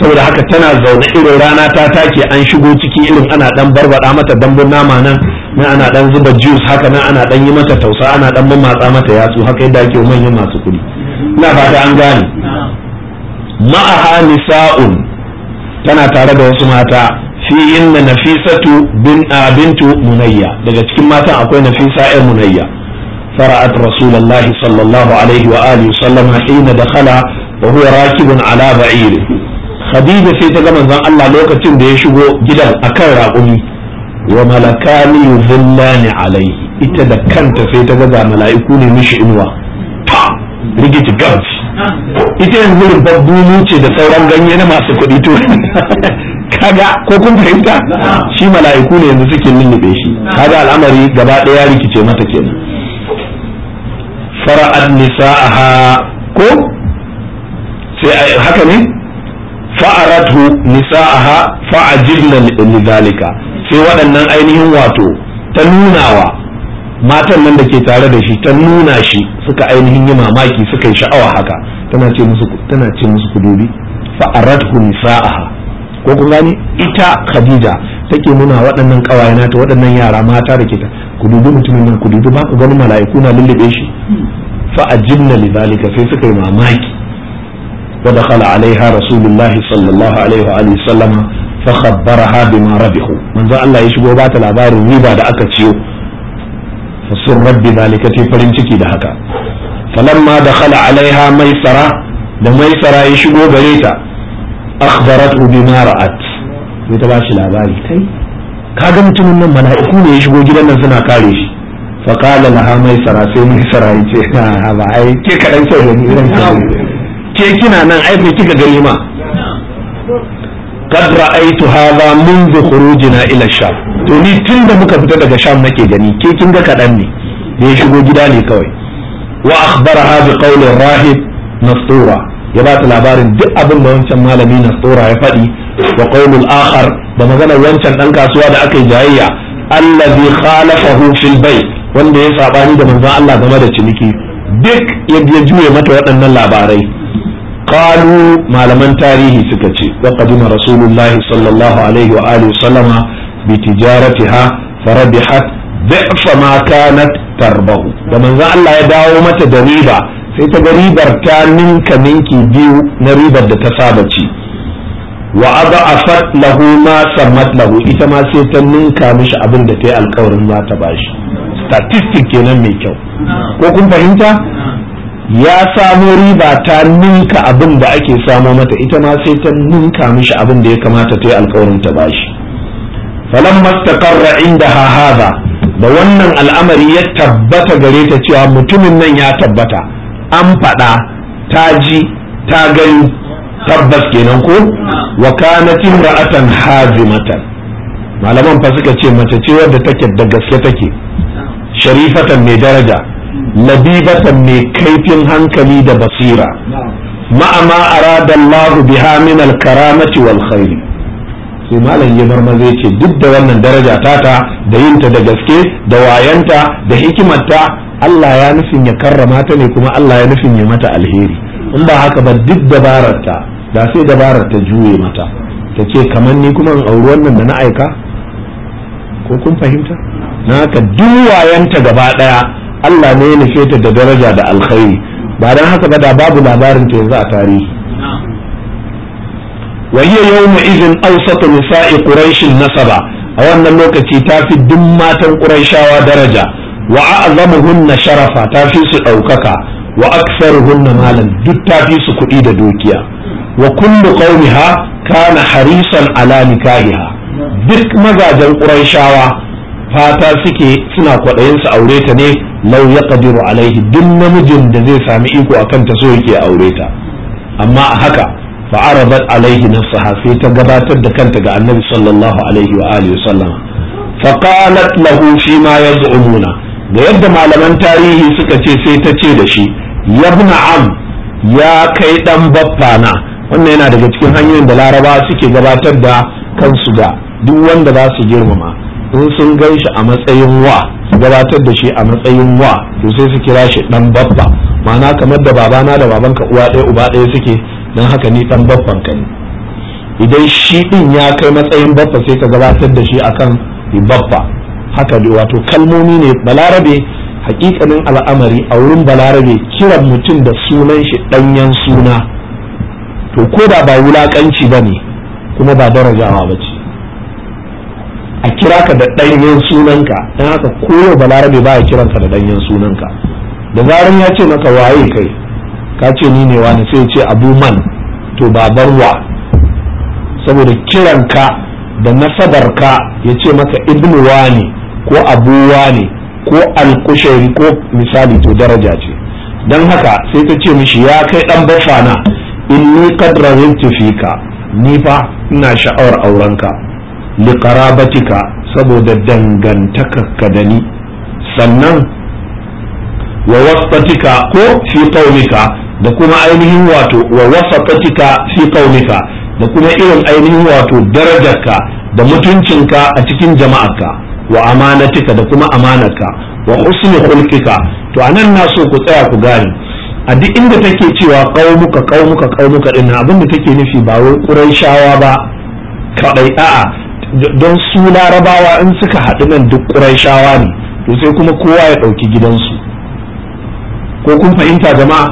saboda haka tana zaune irin rana ta take an shigo ciki irin ana dan barbada mata dambun nama nan nan ana dan zuba juice haka nan ana dan yi mata tausa ana dan mamatsa mata yatsu haka yadda ake manyan masu kuɗi ina fata an gane ma'aha nisa'un tana tare da wasu mata fi inna nafisatu bin munayya daga cikin matan akwai nafisa ɗan munayya فرأت رسول الله صلى الله عليه sallam وسلم حين دخل وهو راكب على بعير khadija sai ta ga manzon Allah lokacin da ya shigo gidan akan raƙumi wa malakani yudhillani alaihi ita da kanta sai ta ga mala'iku ne mishi inuwa ta rigiti gams ita yanzu rubbar bunu ce da sauran ganye na masu kuɗi to kaga ko kun fahimta shi mala'iku ne yanzu suke lullube shi kaga al'amari gaba ɗaya rikice mata kenan fara'ad nisa'aha ko sai haka ne fa'aratu nisa'aha fa'ajibna lidhalika sai waɗannan ainihin wato ta nunawa matan nan da ke tare da shi ta nuna shi suka ainihin yi mamaki suka yi sha'awa haka tana ce musu tana ce musu ku dubi fa'aratu nisa'aha ko kun gane ita Khadija take nuna waɗannan ƙawayena ta waɗannan yara mata da ke ta ku dubi mutumin nan ku dubi ba ku ganin mala'iku na lullube shi fa'ajibna lidhalika sai suka yi mamaki ودخل عليها رسول الله صلى الله عليه وآله وسلم فخبرها بما ربحوا من ذا الله يشبه بات العبار ربا دا أكتشيو فسر ربي ذلك تفرين تكي دا هكا فلما دخل عليها ميسرة دا ميسرة يشبه بريتا أخبرته بما رأت يتباش العبار كي kaga mutumin nan mala'iku ne ya shigo gidan nan suna kare shi fa qala laha maisara sai maisara yace ha ba ai ke kadan sai wani irin ke kina nan ai me kika gani ma qad ra'aytu hadha منذ خروجنا ila sham to ni tunda muka fita daga sham nake gani ke kin ga kadan ne da ya shigo gida ne kawai wa akhbaraha bi qawli rahib nasura ya ba ta labarin duk abin da wancan malami nasura ya faɗi wa al akhar da maganar wancan dan kasuwa da aka yi jayayya allazi khalafahu fil bayt wanda ya sabani da manzon Allah game da ciniki duk ya juye mata waɗannan labarai qalu malaman tarihi suka ce wa qadima rasulullahi sallallahu alaihi wa alihi sallama bi tijaratiha farabihat bi'fa ma kanat tarbahu da manzo Allah ya dawo mata da riba sai ta ga ribar ta ninka ninki biyu na ribar da ta saba ci wa a lahu ma sammat lahu ita ma sai ta ninka mishi abin da ta yi alkawarin za ta bashi statistic kenan mai kyau ko kun fahimta ya samo riba ta ninka abin da ake samo mata ita ma sai ta ninka mishi abin da ya kamata ta yi alkawarin ta bashi falan mastaqarra inda hada da wannan al'amari ya tabbata gare ta cewa mutumin nan ya tabbata an faɗa ta ji ta gani tabbas kenan ko wa kanat imra'atan hazimatan malaman fa suka ce mace ce wadda take da gaske take sharifatan mai daraja labibatan mai kaifin hankali da basira ma'ama aradallahu biha min alkaramati wal khairi sai malam ya marmaza ce duk da wannan daraja tata da yinta da gaske da wayanta da hikimarta Allah ya nufin ya karrama ta ne kuma Allah ya nufin ya mata alheri in ba haka ba duk dabararta da sai dabarar ta juye mata ta ce kamar ni kuma in auri wannan da na aika ko kun fahimta na haka duk wayanta gaba daya Allah ne ya nufe ta da daraja da alkhairi ba don haka ba da babu labarin ta yanzu a tarihi wa hiya izin idhin awsatu nisa'i quraish nasaba a wannan lokaci ta fi duk matan quraishawa daraja wa hunna sharafa ta fi su ɗaukaka, wa hunna Malam duk ta fi su kuɗi da dukiya wa kullu qaumiha kana harisan ala nikahiha duk mazajen quraishawa fata suke suna kwaɗayin su aure ta ne lau ya qadiru alaihi duk namijin da zai sami iko a kanta so yake aure ta amma a haka fa'arabat alaihi na sai ta gabatar da kanta ga annabi sallallahu alaihi wa alihi sallama faqalat lahu fi ma yaz'umuna ga yadda malaman tarihi suka ce sai ta ce da shi yabna am ya kai ɗan baffa na. wannan yana daga cikin hanyoyin da laraba suke gabatar da kansu ga duk wanda za su girmama in sun gan shi a matsayin wa gabatar da shi a matsayin wa to sai su kira shi dan babba ma'ana kamar da babana da babanka uwa ɗaya uba ɗaya suke don haka ni dan babban ka ne idan shi ɗin ya kai matsayin babba sai ka gabatar da shi akan babba haka da wato kalmomi ne balarabe hakikanin al'amari a wurin balarabe kiran mutum da sunan shi ɗanyen suna to ko da ba wulakanci ba ne kuma ba darajawa ba ce a kira ka da ɗanyen sunanka don haka kowa balarabe ba ya kiranka da ɗanyen sunanka da zaran ya ce maka waye kai ka ce ni ne wani sai ce abu man to babarwa saboda kiranka da nasabarka ya ce maka ibnu wani ko abu ne ko alkushari ko misali to daraja ce don haka sai ta ce mishi ya kai dan bafana kadra zai raghibtu ka. ni fa ina sha'awar aurenka liqarabatika saboda ka da ni sannan wa wasatika ko fi qaumika da kuma ainihin wato wa wasatika fi qaumika da kuma irin ainihin wato darajarka da mutuncinka a cikin jama'arka wa amanatika da kuma amanarka wa husni khulqika to anan na so ku tsaya ku gane a duk inda take cewa qaumuka qaumuka qaumuka din abin da take nufi ba wai shawa ba kadai a'a don su larabawa in suka haɗu nan duk ƙuraishawa ne to sai kuma kowa ya ɗauki gidansu ko kun fahimta jama'a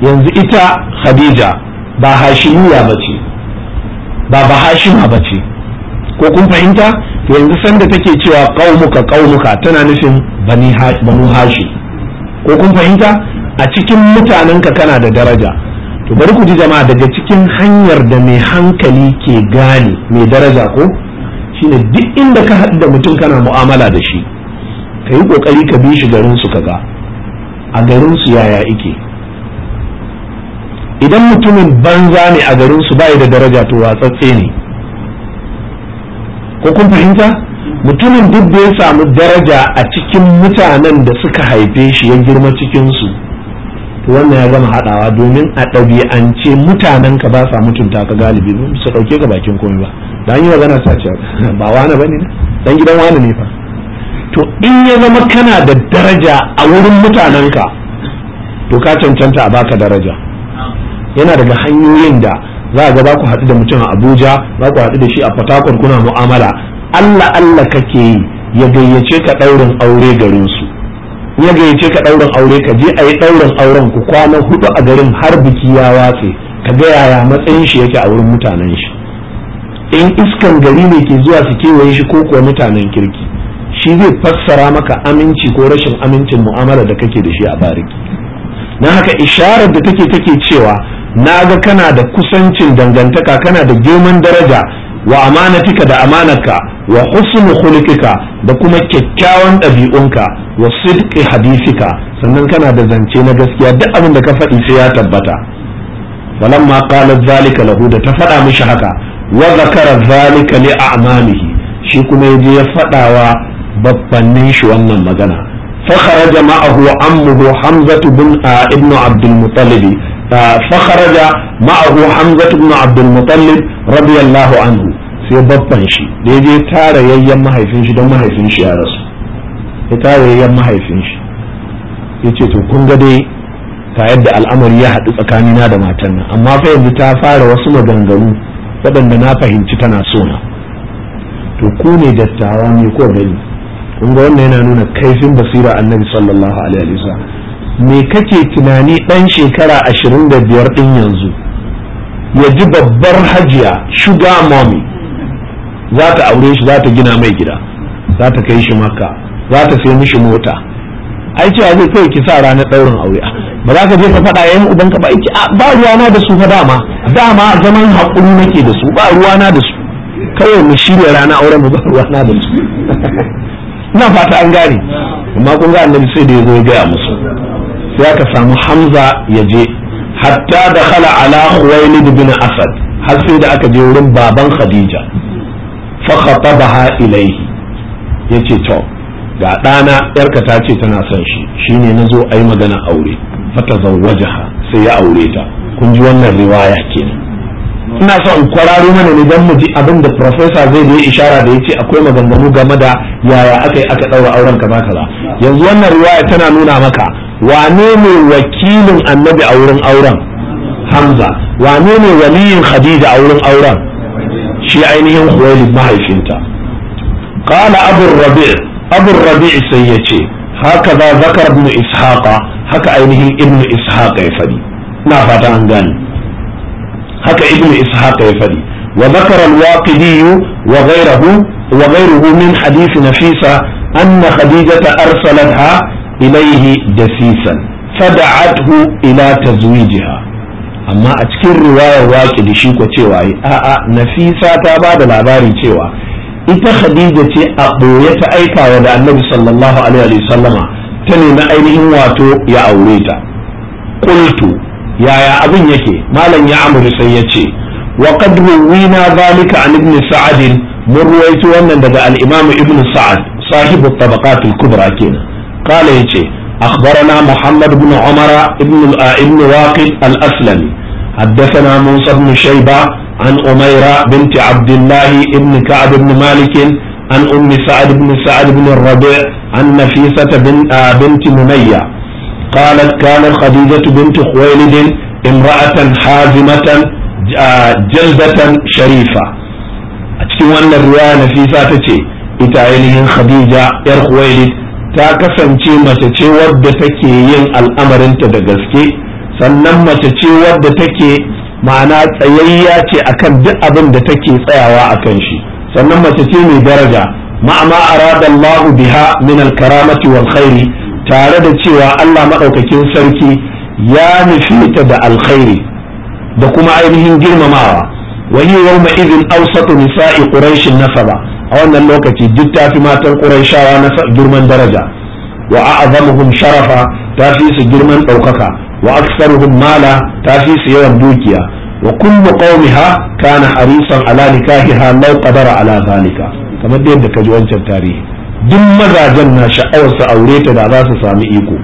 yanzu ita khadija ba hashimiya ba ce ba ba hashima ba ce ko kun fahimta to yanzu sanda take cewa ƙaunuka ƙaunuka tana nufin banu hashi ko kun fahimta a cikin mutanenka kana da daraja to bari ku ji jama'a daga cikin hanyar da mai hankali ke gane mai daraja ko shine duk inda ka haɗu da mutum kana mu'amala da shi ka yi ƙoƙari ka bi shi garin su ga, a garin su yaya ike idan mutumin banza ne a garin su bai da daraja to watsatse ne ko kun fahimta mutumin duk da ya samu daraja a cikin mutanen da suka haife shi ya girma cikin su to wannan ya gama haɗawa domin a ɗabi'ance mutanen ka ba sa mutunta ka galibi su ɗauke ka bakin komai ba da an yi magana sa ce ba wani ba ne dan gidan wani ne fa to in ya zama kana da daraja a wurin mutanen ka to ka cancanta a baka daraja yana daga hanyoyin da za a ga ba ku haɗu da mutum a Abuja za ku haɗu da shi a fatakon kuna mu'amala Allah Allah kake yi ya gayyace ka ɗaurin aure garin ya gayyace ka ɗaurin aure ka je a yi ɗaurin auren ku kwana hudu a garin har biki ya watse ka ga yaya matsayin shi yake a wurin mutanen shi in iskan gari ne ke zuwa su kewaye shi ko kuwa mutanen kirki shi zai fassara maka aminci ko rashin amincin mu'amala da kake da shi a bariki na haka isharar da take take cewa na ga kana da kusancin dangantaka kana da girman daraja wa amanatika da amanarka wa husnu khuluqika da kuma kyakkyawan dabi'unka wa sidqi hadithika sannan kana da zance na gaskiya duk abin da ka faɗi sai ya tabbata falamma qala zalika lahu da ta faɗa mishi haka wa zakara zalika li a'malihi shi kuma yaje ya faɗawa babbannin shi wannan magana fa kharaja ma'ahu ammuhu hamzatu bin ibnu abdul muttalib فخرج معه حمزة بن عبد المطلب رضي الله عنه sai babban shi da ya je tara yayyan mahaifin shi don mahaifin shi ya rasu ya tara yayyan mahaifin shi ya ce to kun ga dai ta yadda al'amari ya haɗu tsakanina da matan nan amma fa yanzu ta fara wasu maganganu waɗanda na fahimci tana so na to ku ne dattawa ne ko gani kun ga wannan yana nuna kaifin basira annabi sallallahu alaihi wasallam me kake tunani ɗan shekara ashirin da biyar ɗin yanzu ya ji babbar hajiya sugar mommy za ta aure shi za ta gina mai gida za ta kai shi maka za ta sai mishi mota ai cewa zai kai ki sa ranar ɗaurin aure ba za ka je ka faɗa yayin uban ka ba ki ba ruwana da su fa dama dama zaman haƙuri nake da su ba ruwana da su kawai mu shirya ranar auren mu ba ruwana da su ina fata an gane amma kun ga annabi sai da ya zo ya gaya musu sai ka samu hamza ya je hatta da khala ala khuwailid bin asad har sai da aka je wurin baban khadija fa khatabaha ilayhi yace to ga ɗana yarka ta ce tana son shi shine nazo ai magana aure fata sai ya aure ta kun ji wannan riwaya kenan ina so in kwararo mana ne don mu ji abin da professor zai yi ishara da yace akwai maganganu game da yaya aka yi aka daura auren kaza kaza yanzu wannan riwaya tana nuna maka wane ne wakilin annabi a wurin auren hamza wane ne waliyin khadija a wurin auren shi ainihin khuwailid mahaifinta qala abu rabi' abu rabi' sai ce. haka za zakar ibn ishaqa haka ainihin ibn ishaqa ya fadi ina fata an gane haka ibn ishaqa ya fadi wa zakara al-waqidi wa ghayruhu wa ghayruhu min hadith nafisa anna khadijata arsalatha ilaihi dasisan fada'athu ila tazwijiha amma a cikin riwayar waƙi da shi ko cewa a'a nafisa ta ba da labari cewa ita khadija ce a ɓoye ta aikawa da annabi sallallahu alaihi sallama ta nemi ainihin wato ya aure ta qultu yaya abin yake malam ya amuru sai ya ce wa qad ruwina zalika an ibn sa'ad mun ruwaito wannan daga al ibnu sa'ad sahibu tabaqat al kenan قال يجي أخبرنا محمد بن عمر ابن ابن واقد الأسلمي حدثنا موسى بن شيبة عن أميرة بنت عبد الله ابن كعب بن مالك عن أم سعد بن سعد بن الربيع عن نفيسة بن بنت منية قالت كانت خديجة بنت خويلد امرأة حازمة جلدة شريفة أتكلم أن الرواية نفيسة تتي ita ainihin khadija yar khuwailid ta kasance mace ce wadda take yin al'amarinta da gaske sannan mace ce wadda take ma'ana tsayayya ce akan duk abin da take tsayawa akan shi sannan mace ce mai daraja ma'ama aradallahu biha min alkaramati wal khairi tare da cewa Allah maɗaukakin sarki ya nufi ta da alkhairi da kuma ainihin girmamawa wani yawma idin awsatu nisa'i ƙuranshin nasaba a wannan lokaci duk tafi matan quraishawa na girman daraja wa a'zamuhum sharafa tafi su girman ɗaukaka. wa aktsaruhum mala tafi su yawan dukiya wa kullu ka na harisan ala nikahiha law qadara ala zalika kamar da yadda ji wancan tarihi duk mazajen na sha'awar su aure ta da za su sami iko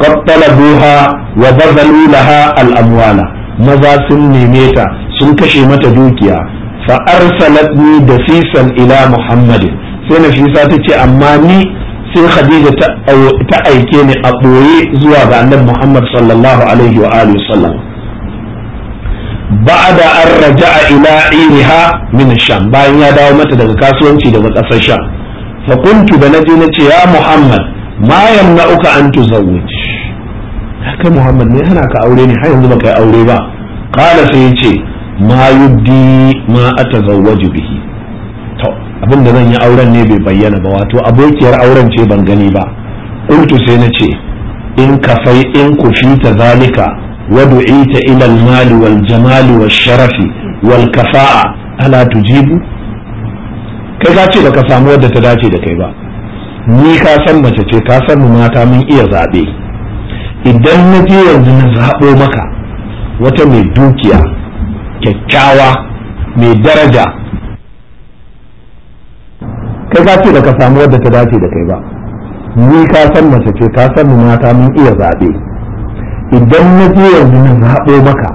qad talabuha wa bazalu laha al amwala maza sun neme ta sun kashe mata dukiya fa arsalat ni sisan ila muhammadin sai nafisa ta ce amma ni sai khadija ta aike ni a ɓoye zuwa ga annabi muhammad sallallahu alaihi wa alihi sallam ba'da an raja'a ila iriha min sham bayan ya dawo mata daga kasuwanci daga ƙasar sham fa kuntu da naje nace ya muhammad ma uka an tuzawwij kai muhammad ne Ana ka aure ne har yanzu baka yi aure ba kala sai ya ce ma yubdi ma atazawwaju bihi to abin da zan yi auren ne bai bayyana ba wato abokiyar auren ce ban gani ba qultu sai na ce in kafai in kufita zalika wal jamali wal sharafi wal kafa'a. ala tujibu. kai ka ce baka samu wadda ta dace da kai ba ni ka san mace ce ka san mata mun iya zabe idan na je yanzu na zaɓo maka wata mai dukiya kyakkyawa mai daraja kai ka ce ka samu wadda ta dace da kai ba ni ka san mace ce ka san mata mun iya zaɓe idan na je yanzu na zaɓo maka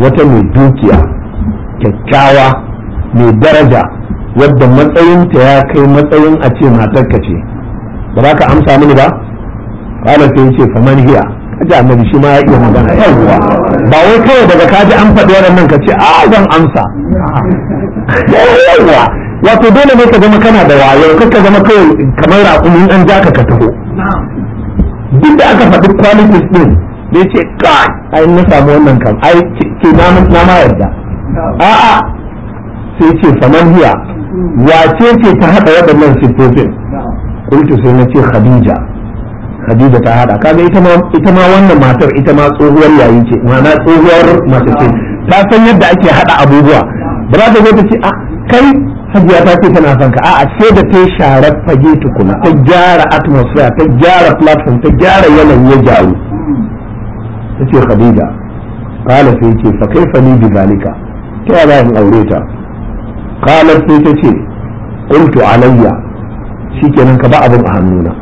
wata mai dukiya kyakkyawa mai daraja wadda matsayinta ya kai matsayin a ce matarka ce ba za ka amsa mini ba Kwanan sai ce faman hiya kaji annabi shi ma ya iya magana yawwa ba wai kawai daga kaji an faɗi waɗannan ka ce a zan amsa yawwa wato dole ne ka zama kana da wayo ka zama kawai kamar raƙumin an ja ka ka taho duk da aka faɗi qualities din da ya ce kai ai na samu wannan kam ai ke na ma yarda a'a sai ce faman hiya wace ce ta haɗa waɗannan siffofin kultu sai na ce khadija Hadiza ta hada kaga ita ma ita ma wannan matar ita ma tsohuwar yayi ce ma'ana tsohuwar mace ce ta san yadda ake hada abubuwa ba za ta zo ta ce a ah, kai hajiya ta ce tana son ka a'a sai da ta share fage tukuna ta gyara atmosphere ta gyara platform ta gyara yanayin ya jawo ta ce Khadija kala sai ce fa kai ni bi zalika ta yaya in aure ta kala sai ta ce qultu alayya shikenan ka ba abin a hannuna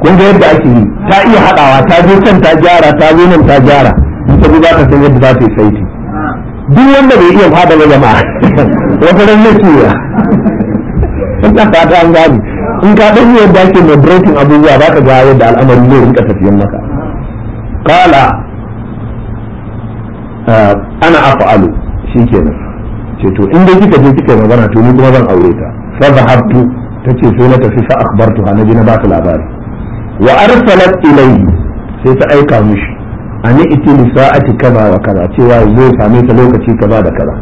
kun ga yadda ake yi ta iya haɗawa ta je can ta gyara ta zo nan ta gyara in ta za ta san yadda za ta yi saiti duk wanda bai iya fada ba jama'a wata ran ya ya in ka fata an gani in ka ɗan yadda ake moderating abubuwa za ka ga yadda al'amari zai rinka tafiyan maka kala ah, ana af'alu shikenan ce to in dai kika je kika magana to ni kuma zan aure ta fa zahabtu ta ce sai na tafi fa akhbartu na ji na baka labari wa arsalat ilayhi sai ta aika mishi ani iti li sa'ati kaza wa kaza cewa zo same ta lokaci kaza da kaza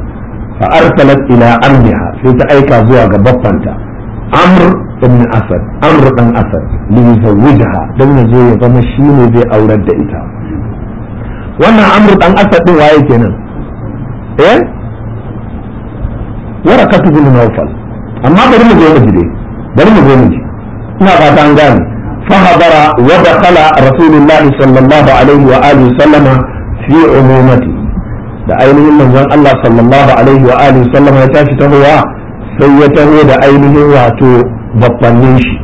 fa arsalat ila amriha sai ta aika zuwa ga baffanta amr ibn asad amr dan asad li yuzawwijaha dan ya zo ya zama shi ne zai aurar da ita wannan amr dan asad din waye kenan eh warakatu bin nawfal amma bari mu je mu jide bari mu zo ina fata an gane فحضر ودخل رسول الله صلى fi umumati da ainihin manzon Allah sallallahu alaihi wa alihi sallam ya tashi tahowa sai ya taho da ainihin wato babbannin shi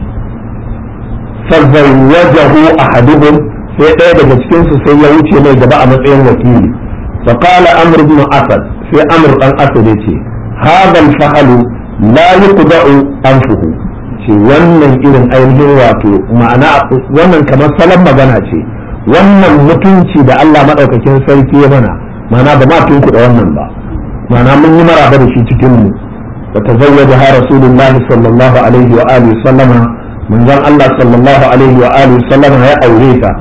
wajahu ahaduhum sai ɗaya daga cikin su sai ya wuce mai gaba a matsayin wakili fa qala amr ibn asad sai amr dan asad yace hadha al-fahlu la yuqda'u anfuhu ce wannan irin ainihin wato ma'ana wannan kamar salon magana ce wannan mutunci da Allah maɗaukakin sarki ya mana ma'ana ba ma da wannan ba ma'ana mun yi maraba da shi cikin mu wa tazawwaja ha rasulullahi sallallahu alaihi wa alihi sallama manzon Allah sallallahu alaihi wa alihi sallama ya aure ta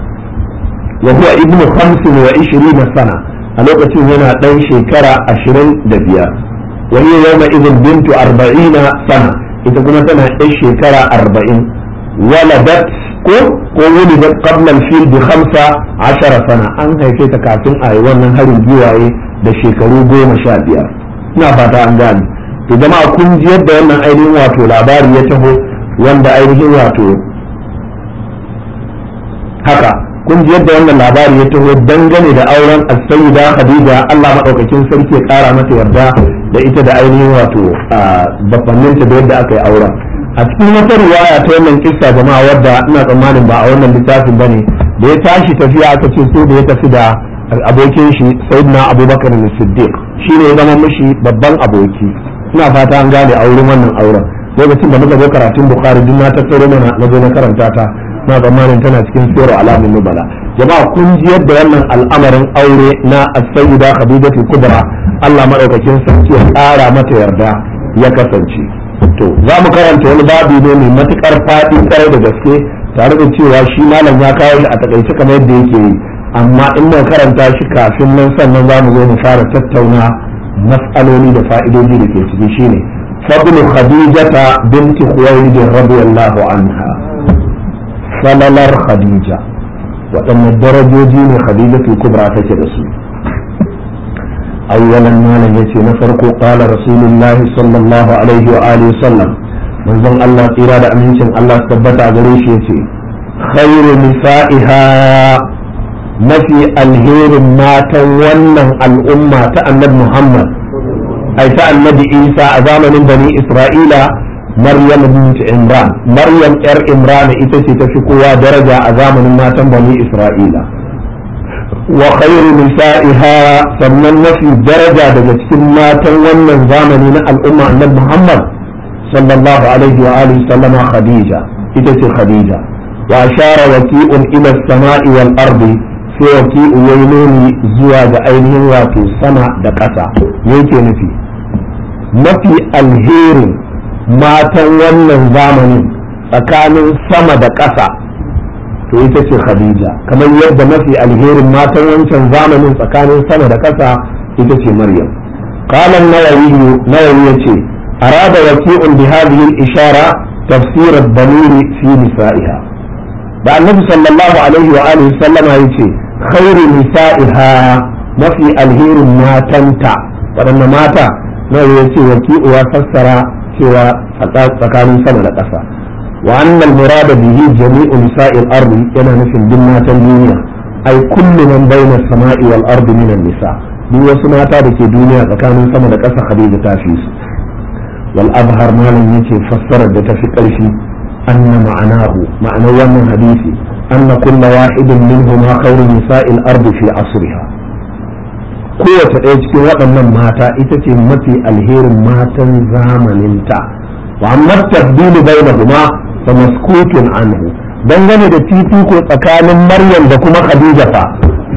wa huwa ibnu 25 sana a lokacin yana dan shekara 25 wa hiya yawma idhin bintu 40 sana ita kuma tana ɗan shekara arba'in waladat ko ko wani da al-fil bi khamsa ashara sana an haife ta kafin a yi wannan harin giwaye da shekaru goma sha biyar ina fata an gane to jama'a kun ji yadda wannan ainihin wato labari ya taho wanda ainihin wato haka kun ji yadda wannan labari ya taho dangane da auren as-sayyida Khadija Allah madaukakin sarki ya kara mata yarda da ita da ainihin wato a ta da yadda aka yi auren a cikin wata riwaya ta wannan kissa jama'a wadda ina tsammanin ba a wannan littafin ne da ya tashi tafiya aka ce so da ya tafi da abokin shi sayyidina abubakar na siddiq shine ya zama mishi babban aboki ina fata an gane a wurin wannan auren lokacin da muka zo karatun bukari duk na tattaro mana na zo na karanta ta na tsammanin tana cikin sura alamin nubala jama'a kun ji yadda wannan al'amarin aure na as-sayyida khadijatu kubra Allah madaukakin sarki ya ƙara mata yarda ya kasance to za mu karanta wani babu ne mai matukar faɗi ƙarai da gaske tare da cewa shi malam ya kawo shi a takaice kamar yadda yake yi amma in mun karanta shi kafin nan sannan za mu zo mu fara tattauna mas'aloli da fa'idoji da ke ciki shine fadlu khadijata binti khuwaylid radiyallahu anha salalar khadija waɗanne darajoji ne khadijatu kubra take da su awwalan malam yace na farko qala rasulullah sallallahu alaihi wa alihi sallam manzon Allah tsira da amincin Allah tabbata gare shi yace khairu nisa'iha mafi alherin matan wannan al'umma ta annabi Muhammad ai ta annabi Isa a zamanin bani Isra'ila maryam bint imran maryam yar imran ita ce ta fi kowa daraja a zamanin matan bani isra'ila wa khairu nisa'iha sannan mafi daraja daga cikin matan wannan zamani na al'umma annabi muhammad sallallahu alaihi wa alihi sallama khadija ita ce khadija wa ashara waki'un samai wal ardi sai waki'u yayi nuni zuwa ga ainihin wato sama da ƙasa yake nufi mafi alherin matan wannan zamani tsakanin sama da ƙasa to ita ce khadija kamar yadda mafi alherin matan wancan zamanin tsakanin sama da ƙasa ita ce maryam qalan nawawi nawawi yace arada waqi'un bi hadhihi al-ishara tafsir ad-damiri fi nisa'iha da annabi sallallahu alaihi wa alihi sallama yace khairu nisa'iha mafi alherin matanta waɗanne mata nawawi yace waqi'u wa fassara cewa tsakanin sama da ƙasa wa annal murada bihi jami'u nisa'il ardi yana nufin duk matan duniya ai kullu man sama'i wal ardi minan nisa duk wasu mata da ke duniya tsakanin sama da ƙasa khadija ta fi su wal abhar malam yace fassarar da ta fi ƙarfi anna ma'anahu ma'anar wannan hadisi anna kullu wahidin minhuma khairu nisa'il ardi fi asriha kowace ɗaya cikin waɗannan mata ita ce mafi alherin matan zamaninta wa amma tabdilu bainahuma fa maskutun anhu dangane da titi ko tsakanin maryam da kuma khadija fa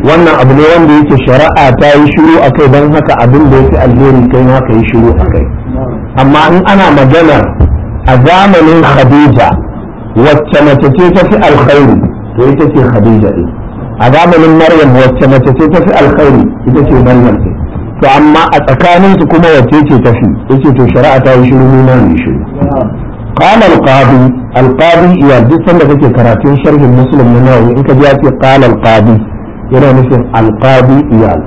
wannan abu ne wanda yake shari'a ta yi shiru akai don haka abin da yake alheri kai na ka yi shiru akai amma in ana magana a zamanin khadija wacce mace ce ta fi alkhairi to ita ce khadija ɗin a zamanin maryam wacce mace ce ta fi ita ce maryam ce to amma a tsakanin kuma wacce ce ta fi shari'a ta yi shiru nuna ne shiru قال القاضي القاضي يا duk sanda kake karatun sharhin muslim na nawawi in ka ji ce qala yana nufin alqadi iyal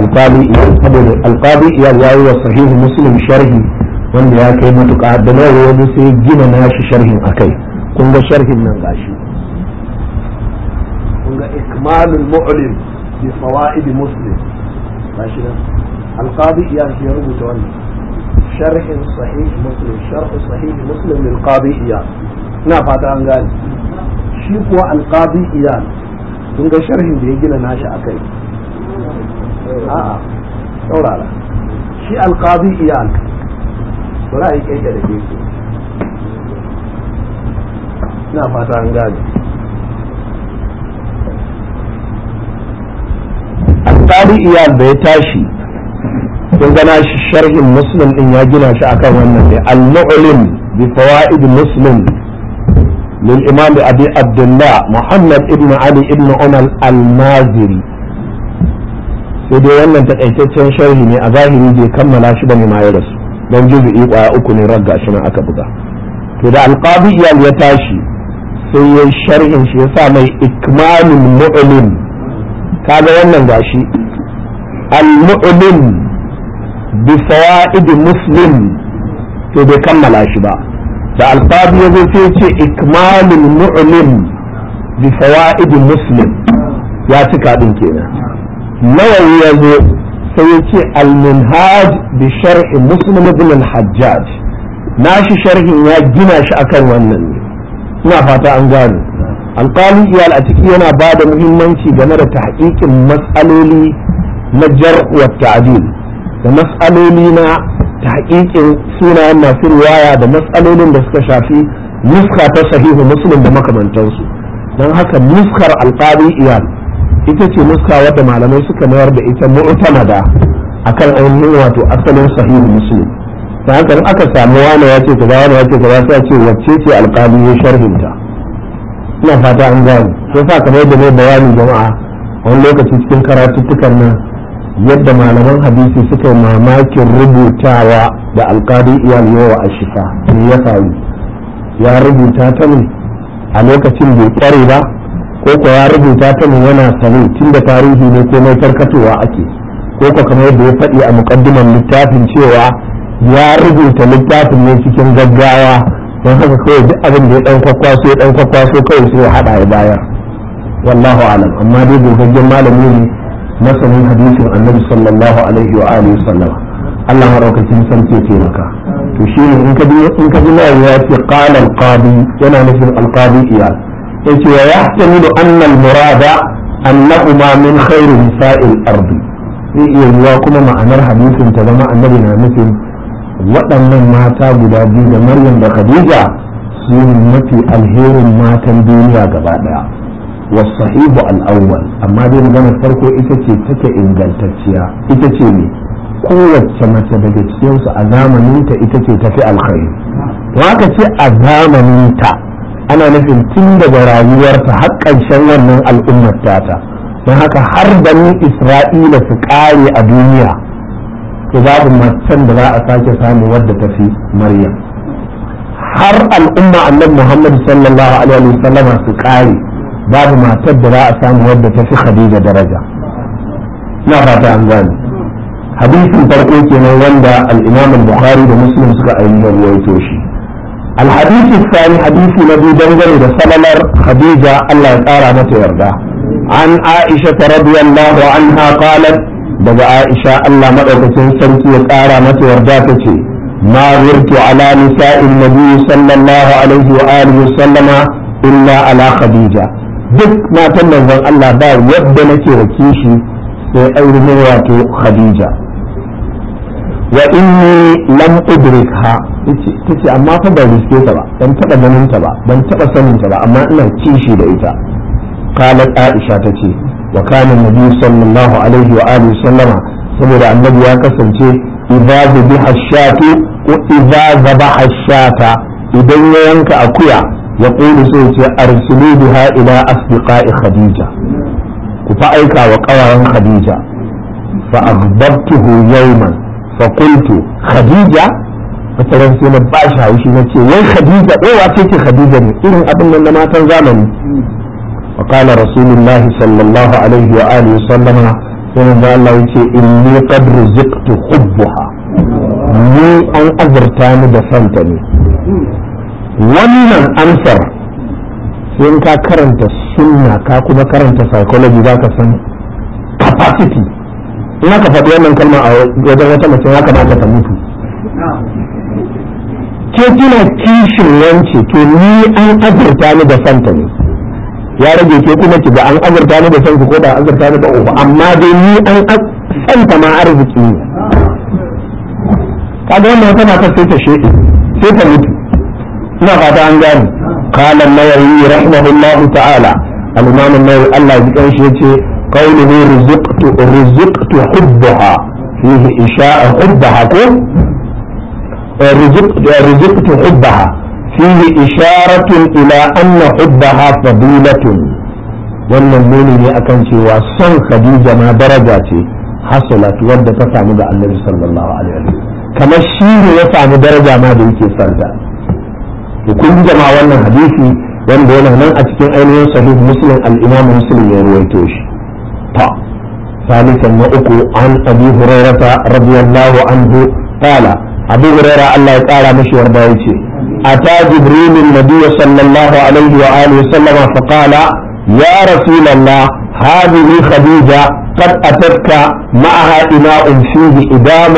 alqadi iyal saboda alqadi iyal yayi wa sahih muslim sharhi wanda ya kai matuka da nawawi wani sai gina nashi sharhin akai kun ga sharhin nan gashi kun ga ikmalul mu'lim bi fawaid muslim gashi nan alqadi iyad ya rubuta wannan sharhin sahih muslim sharh sahih muslim lil qadi iyad ina fata an gane shi kuwa alqadi iyad kun ga sharhin da ya gina nashi akai a'a saurara shi alqadi iyad bari a yi kai da ke ina fata an gane alƙali iyal da ya tashi kun gana shi sharhin muslim din ya gina shi akan wannan ne al-mu'lim bi fawaid muslim lil imam abi abdullah muhammad ibn ali ibn umar al-maziri sai dai wannan takaitaccen sharhi ne a zahiri je kammala shi bane ma ya rasu dan juzu'i kwaya uku ne ragga shi aka buga to da al-qadi iyal ya tashi sai ya sharhin shi ya sa mai ikmalul mu'lim kaga wannan gashi al-mu'min bi to bai kammala shi ba da alfabi ya zo sai ce ikmalul mu'lim bi fawaid muslim ya cika din kenan nawawi ya zo sai ya ce al-minhaj bi sharh muslim ibn al-hajjaj nashi sharhin ya gina shi akan wannan ne ina fata an gano alƙalin iyal a ciki yana ba da muhimmanci game da tahqiqin matsaloli na jar wa ta'dil da matsaloli na tahqiqin sunayen masu riwaya da matsalolin da suka shafi nuska ta sahihu muslim da makamantansu don haka nuskar alqadi iyal ita ce nuska wadda malamai suka mayar da ita mu'tamada akan ainihin wato asalin sahihu muslim ta haka aka samu wani ya ce kaza wani ya ce kaza sai ce wacce ce alqadi ya sharhinta ina fata an gane sai sa kamar da mai bayani jama'a wani lokaci cikin karatuttukan nan yadda malaman hadisi suka yi mamakin rubutawa da alkadin iyal yawa a shifa me ya faru ya rubuta ta ne a lokacin bai kware ba ko ko ya rubuta ta ne yana sane tunda tarihi ne ko mai tarkatowa ake ko ko kamar yadda ya faɗi a muƙaddiman littafin cewa ya rubuta littafin ne cikin gaggawa don haka kawai duk abin da ya ɗan kwakwaso ya ɗan kwakwaso kawai sai ya haɗa ya bayar wallahu alam amma dai gogaggen malami ne masanin hadisin annabi sallallahu alaihi wa alihi sallama Allah maraukakin sarki ya taimaka to shi in ka bi in ya ce qala al-qadi yana nufin al-qadi iya an wa yahtamilu anna al-murada annahuma min khairin sa'il ardi kuma ma'anar hadisin ta zama annabi na nufin waɗannan mata guda biyu da Maryam da Khadija su mafi alherin matan duniya gaba ɗaya wasahihu al'awwal amma dai maganar farko ita ce take ingantacciya ita ce ne kowace mace daga cikinsu a zamaninta ita ce tafi alkhairi to haka ce a zamaninta ana nufin tun daga rayuwarta har ƙarshen wannan al'ummar tata don haka har da ni isra'ila su ƙare a duniya to babu macen da za a sake samu wadda tafi maryam har al'umma annabi muhammad sallallahu alaihi wasallam su ƙare babu matar da za a samu wadda ta fi Khadija daraja na fata an gani hadisin farko kenan wanda al-Imam al-Bukhari da Muslim suka ayyana ruwaito shi al-hadisi hadisi na biyu dangane da salamar Khadija Allah ya tsara mata yarda an Aisha radiyallahu anha qalat daga Aisha Allah madaukakin sarki ya tsara mata yarda tace ما غرت على نساء النبي صلى الله عليه وآله وسلم إلا على خديجة duk matan manzon Allah ba yadda nake da kishi sai ne wato Khadija wa inni lam udrikha tace amma fa ban riske ta ba ban taba ganin ta ba ban taba sanin ta ba amma ina kishi da ita qalat Aisha tace wa kana nabi sallallahu alaihi wa alihi sallama saboda annabi ya kasance idza dhabaha shatu wa idza dhabaha idan ya yanka akuya ya ƙoni sai ce arsilu biha ila asdiqai khadija ku fa aika wa ƙawayen khadija fa aghbabtuhu yawman fa qultu khadija wataran sai na ba shi haushi na ce wai khadija ɗaya wace ce khadija ne irin abin nan na matan zamani wa qala rasulullahi sallallahu alaihi wa alihi sallama sai manzo Allah yace inni qad ruziqtu hubbaha ni an azurta ni da santa ne wannan amsar sai ka karanta sunna ka kuma karanta psychology za ka san capacity Ina ka faɗi wannan kalma a wajen wata mace ya kamata ta mutu ke kina kishin wance to ni an azurta ni da santa ne ya rage ke kuma ki ga an azurta ni da santa ko da azurta ni da uku amma dai ni an santa ma arziki ne kaga wannan tana sai ta sheke sai ta mutu ina fata an gani qala nawawi ta'ala al-imam an-nawawi Allah ya kan shi yace qawluhu rizqtu rizqtu hubbaha fihi isha'a hubbaha ko rizqtu rizqtu hubbaha fihi isharatun ila anna hubbaha fadilatun wannan nuni ne akan cewa son Khadija ma daraja ce hasalat wadda ta samu ga Annabi sallallahu alaihi wasallam kamar shi ne ya samu daraja ma da yake santa to kun jama wannan hadisi wanda yana nan a cikin ainihin sahih muslim al-imam muslim ya ruwaito shi ta ثالثا وأكو عن أبي هريرة رضي الله عنه قال أبي هريرة الله تعالى مش يرضى أتى جبريل النبي صلى الله عليه وآله وسلم فقال يا رسول الله هذه خديجة قد أتتك معها إناء فيه إدام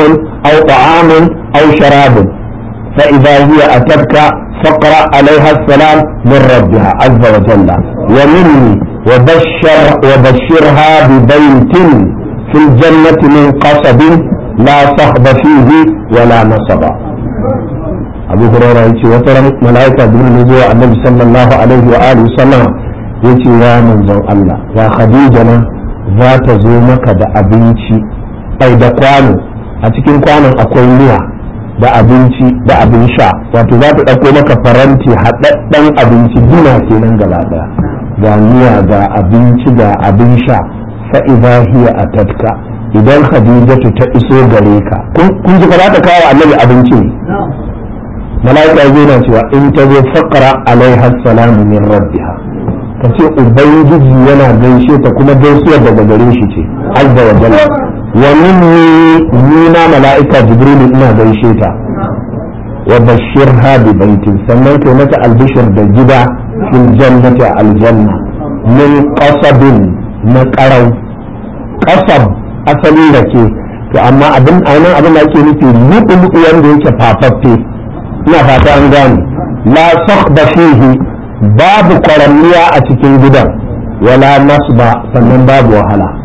أو طعام أو شراب فإذا هي أتتك فاقرأ عليها السلام من ربها عز وجل ومني وبشر وبشرها ببيت في الجنة من قصب لا صحب فيه ولا نصب أبو هريرة يتي وترى ملائكة بالنزوع نزوع النبي صلى الله عليه وآله وسلم يتي يا من الله يا خديجنا ذات زومك دا أبنتي أي دا kwano a cikin kwanon akwai miya da abinci da abin sha wato za ta ɗauko maka faranti haɗaɗɗen abinci dina kenan gaba ɗaya ga miya ga abinci ga abin sha fa'iza hiya a tatka idan khadijatu ta iso gare ka kun ji za ta kawo annabi abinci ne mala'ika ya na cewa in ta zo faqra alaiha salamu min rabbiha ta ce ubangiji yana gaishe ta kuma gaisuwar daga gare shi ce azza wa jalla wa minni nuna mala'ika jibril ina gaishe ta wa bashirha bi baitin sannan kai mata albishir da gida fil jannati aljanna min qasabin na qarau qasab asalin da ke to amma abin anan abin da ake nufi lubu wanda yake fafaffe ina fata an gane la sakhba babu kwaranniya a cikin gidan wala nasba sannan babu wahala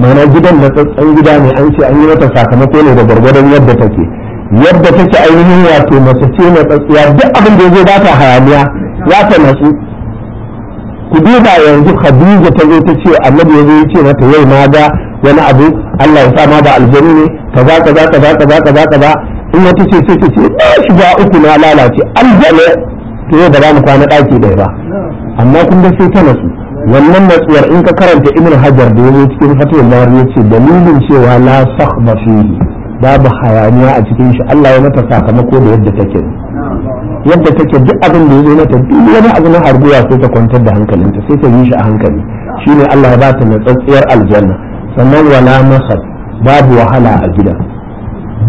mana gidan na tsatsan gida ne an ce an yi mata sakamako ne da gargadon yadda take yadda take ainihin wato mace ce na tsatsiya duk abin da zai bata hayaniya ya ta natsu ku duba yanzu Khadija ta zo ta ce annabi ya ya ce mata yau na ga wani abu Allah ya sa ma ba aljanu ne kaza kaza kaza kaza kaza kaza in wata ce sai ta ce na ba uku na lalace aljanu to yau ba za mu kwana daki ɗaya ba amma kun ga sai ta natsu wannan matsuwar in ka karanta ibn hajar da yayi cikin fatwa bari ce dalilin cewa la sakhba fihi babu hayaniya a cikin shi Allah ya mata sakamako da yadda take yadda take duk abin da yazo mata duk wani abu na harguwa sai ta kwantar da hankalinta sai ta yi shi a hankali shine Allah ya ba ta natsatsiyar aljanna sannan wala masad babu wahala a gidan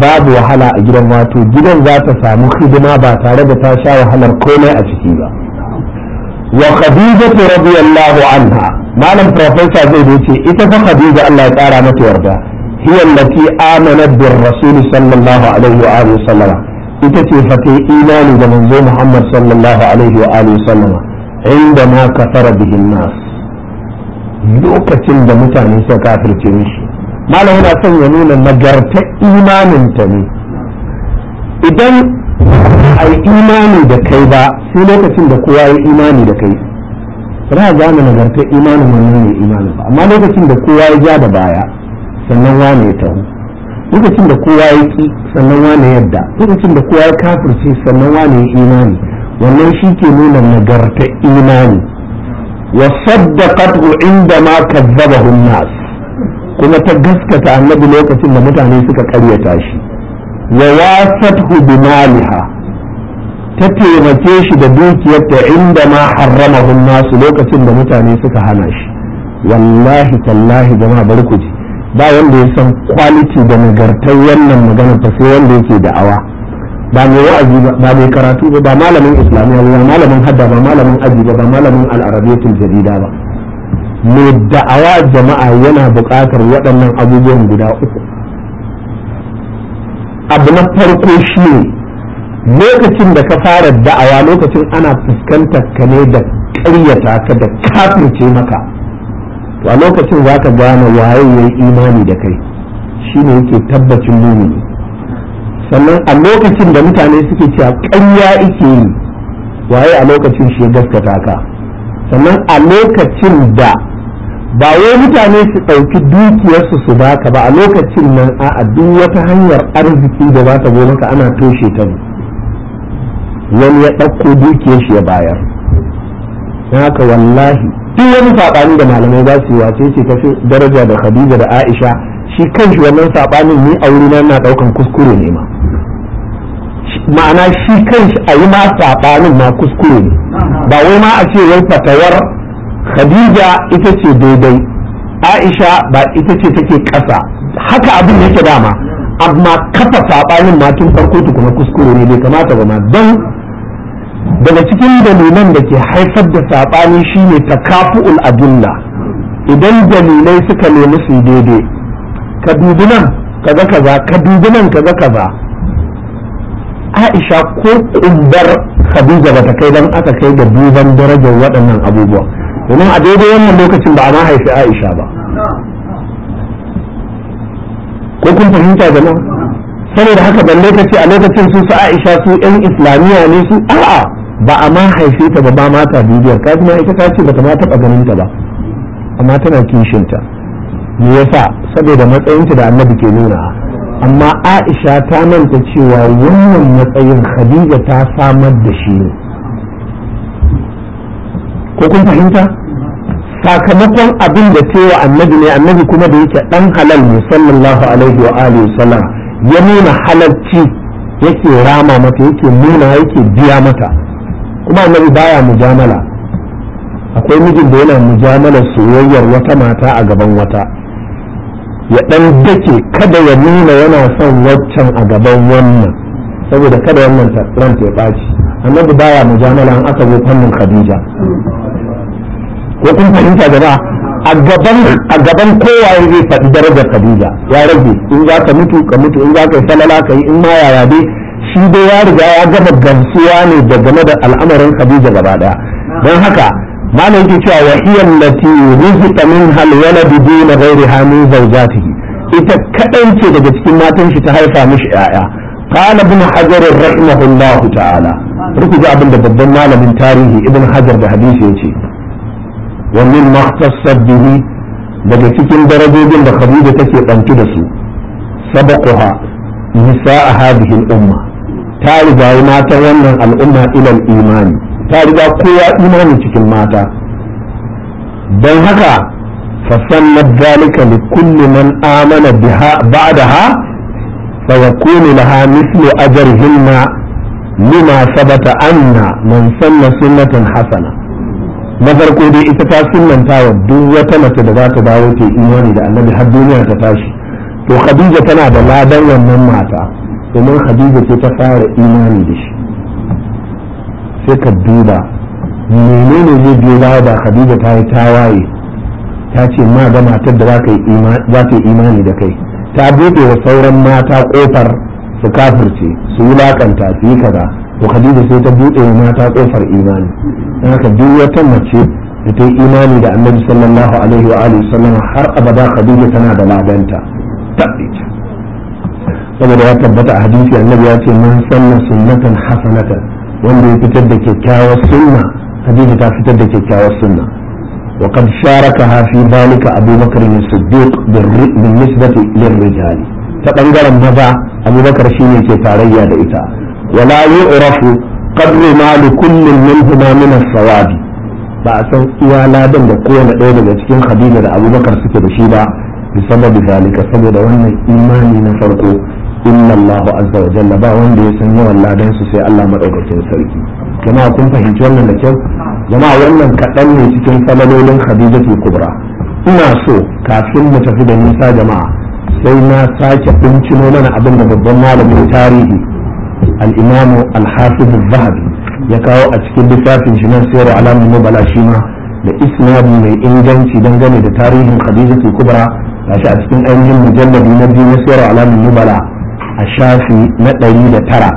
babu wahala a gidan wato gidan za ta samu hidima ba tare da ta sha wahalar komai a ciki ba wa khadija radiyallahu anha malam professor zai dace ita fa khadija Allah ya tsara mata yarda hiya allati amanat bir rasul sallallahu alaihi wa alihi sallama ita ce fa imani da manzo Muhammad sallallahu alaihi wa alihi sallama inda ma kafara nas lokacin da mutane suka kafirce malam yana son ya nuna nagarta imanin ta ne idan a yi imani da kai ba sai lokacin da kowa ya imani da kai ra gane nagartar imanin wannan ne imanin ba amma lokacin da kowa ya ja da baya sannan wane ya taho lokacin da kowa ya ki sannan wane yadda lokacin da kowa ya kafirce sannan wane ya imani wannan shi ke nuna nagartar imani wa saddaqatu inda ma kazzabahu nas kuma ta gaskata annabi lokacin da mutane suka karyata shi wa bi maliha. ta taimake shi da dukiyar ta inda ma harramahun nasu lokacin da mutane suka hana shi wallahi tallahi jama'a bari ku ji ba wanda ya san kwaliti da nagartar wannan magana ta sai wanda yake da'awa ba mai wa'azi ba mai karatu ba ba malamin islamiyya ba malamin hadda ba malamin aji ba ba malamin al'arabiyatul jarida ba mai da'awa jama'a yana buƙatar waɗannan abubuwan guda uku abu na farko shi ne lokacin da ka fara da'awa lokacin ana fuskantar ka ne da ƙaryata ka da kafirce maka to a lokacin za ka gane waye ya imani da kai shine yake tabbacin mumini sannan a lokacin da mutane suke cewa ƙarya yake yi waye a lokacin shi ya gaskata ka sannan a lokacin da ba wai mutane su ɗauki dukiyarsu su baka ba a lokacin nan a duk wata hanyar arziki da za ta zo maka ana toshe ta ne wani ya ɗauko dukiyar shi ya bayar ya haka wallahi duk wani saɓani da malamai za su yi wace ce fi daraja da khadija da aisha shi kan shi wannan saɓanin ni a wurina na ɗaukan kuskure ne ma ma'ana shi kan shi a yi ma saɓanin ma kuskure ne ba wai ma a ce wai fatawar khadija ita ce daidai aisha ba ita ce take ƙasa haka abin yake dama amma kafa saɓanin ma tun farko tukuna kuskure ne bai kamata ba ma don daga cikin dalilan da ke haifar da saɓani shine kafu adilla idan dalilai suka nemi su daidai ka dubi nan kaza kaza ka dubi nan kaza kaza aisha ko kumbar khadija ba ta kai dan aka kai da duban darajar waɗannan abubuwa? domin a daidai wannan lokacin ba a ma haifi aisha ba ko kun fahimta da jama'a saboda haka balle ka ce a lokacin su su aisha su yan islamiyya ne su a'a ba a ma haife ta ba ba ma ta bibiyar ka ita ta ce bata ma taɓa ganin ta ba amma tana kishin ta me yasa saboda matsayinta da annabi ke nuna amma Aisha ta manta cewa wannan matsayin Khadija ta samar da shi ne ko kun fahimta sakamakon abin da cewa annabi ne annabi kuma da yake dan halal ne sallallahu alaihi wa alihi ya nuna halalci yake rama mata yake nuna yake biya mata kuma annabi baya mujamala akwai mijin da yana mujamala soyayyar wata mata a gaban wata ya dan dake kada ya nuna yana son waccan a gaban wannan saboda kada wannan ran ya baci annabi baya mujamala an aka zo fannin khadija ko kun fahimta gaba a gaban a gaban kowaye zai faɗi darajar khadija ya rage in za ka mutu ka mutu in za ka yi salala ka yi in ma yaya dai shi dai ya riga ya gaba gamsuwa ne da game da al'amarin khadija gaba daya don haka malam yake cewa wa hiya allati na minha alwalad dun ghayriha min zawjatihi ita kadan ce daga cikin matan shi ta haifa mishi yaya قال ابن حجر ta'ala. الله تعالى ركز babban malamin tarihi ibn hajar da hadisi yace wa min mahtassab bihi daga cikin darajojin da khadija take bantu da su sabaquha nisa a hadihin umma ta riga matan wannan al'umma ilal imani ta riga kowa imani cikin mata don haka fasannat zalika li kulli man amana biha ba'daha fa yakunu laha mithlu ajrihinna lima sabata anna man sanna sunnatan hasana na farko dai ita ta sunnanta wa duk wata mace da za ta dawo ta imani da annabi har duniya ta tashi to khadija tana da ladan wannan mata domin Hadiza ce ta fara imani da shi sai ka duba menene zai biyo baya da Hadiza ta yi tawaye ta ce ma ga matar da za ka yi imani da kai ta buɗe wa sauran mata ƙofar su kafirce su yi lakanta su yi kaza to Hadiza sai ta buɗe wa mata ƙofar imani don haka duk wata mace da ta yi imani da annabi sallallahu alaihi wa alihi sallama har abada khadija tana da labanta tabbita saboda ya tabbata a hadisi annabi ya ce man sanna sunnatan hasanatan wanda ya fitar da kyakkyawar sunna hadisi ta fitar da kyakkyawar sunna wa qad sharakaha fi dhalika Abu Bakr as-Siddiq bin nisbati lil rijal ta bangaren maza abubakar shine ke tarayya da ita wala yu'rafu qadru ma li kullin minhuma min as-sawabi ba a san iya ladan da kowane ɗaya daga cikin Khadija da Abubakar suke da shi ba bisababi zalika saboda wannan imani na farko inna Allahu azza wa jalla ba wanda ya san yawan ladan su sai Allah madaukakin sarki jama'a kun fahimci wannan da kyau jama'a wannan kaɗan ne cikin falalolin ke Kubra ina so kafin mu tafi da nisa jama'a sai na sake bincino mana abin da babban malamin tarihi al-Imam al-Hafiz al-Zahabi ya kawo a cikin littafin shi nan sayar alamun Mubala shi ma da isnadi mai inganci dangane da tarihin ke Kubra gashi a cikin ainihin mujalladi na biyu na sayar alamun Mubala. a shafi na ɗari da tara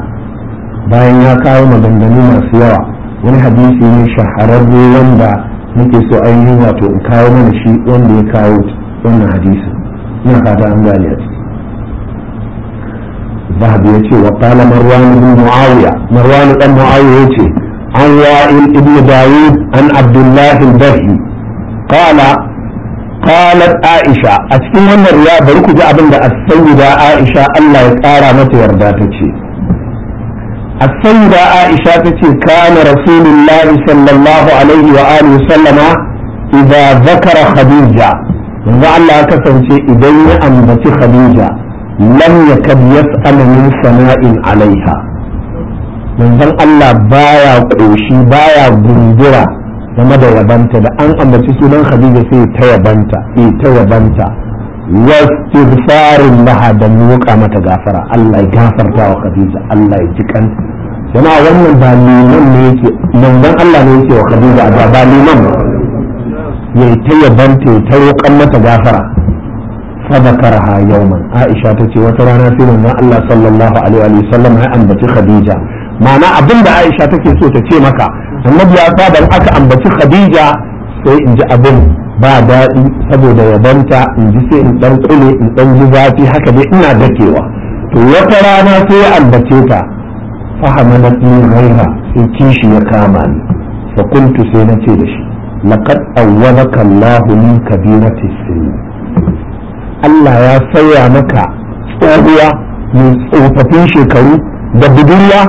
bayan ya kawo maganganu masu yawa wani hadisi ne shahararre wanda muke so ainihin wato in kawo mana shi wanda ya kawo wannan hadisi ina fata an gane a ciki zahabi ya ce wa kala marwan ibn muawiya marwan dan muawiya ya ce an wa'il ibn dawud an abdullah al-bahi qala قالت عائشة أتكلم أن الرياء بركض أبن السيدة عائشة الله يقارى متى يرداتك السيدة عائشة كان رسول الله صلى الله عليه وآله وسلم إذا ذكر خديجة الله كسنت إذن أنبت خديجة لم يكد يسأل من سماء عليها من الله بايا قوشي بايا قندرة game da yabanta da an ambaci sunan khadija sai ta yabanta sai ta yabanta wastighfarin laha da roƙa mata gafara Allah ya gafarta wa khadija Allah ya ji kanta jama'a wannan ba liman ne yake manzon Allah ne yake wa khadija a ba liman ya ta yabanta ya ta roƙan mata gafara فذكرها يوما عائشة تتي وترانا في من الله صلى الله عليه وسلم هي أنبت خديجة معنى أبن عائشة تكي ta ce maka. annabi ya saba aka ambaci khadija sai in ji abin ba daɗi saboda yabanta in ji sai in ɗan kule in ɗan ji zafi haka dai ina dakewa to wata rana sai ya ambace ta na min ghaira sai kishi ya kama ni fa kuntu sai na ce da shi laqad awwalaka Allahu min kabirati Sin. Allah ya sauya maka tsohuwa mai tsofaffin shekaru da budurwa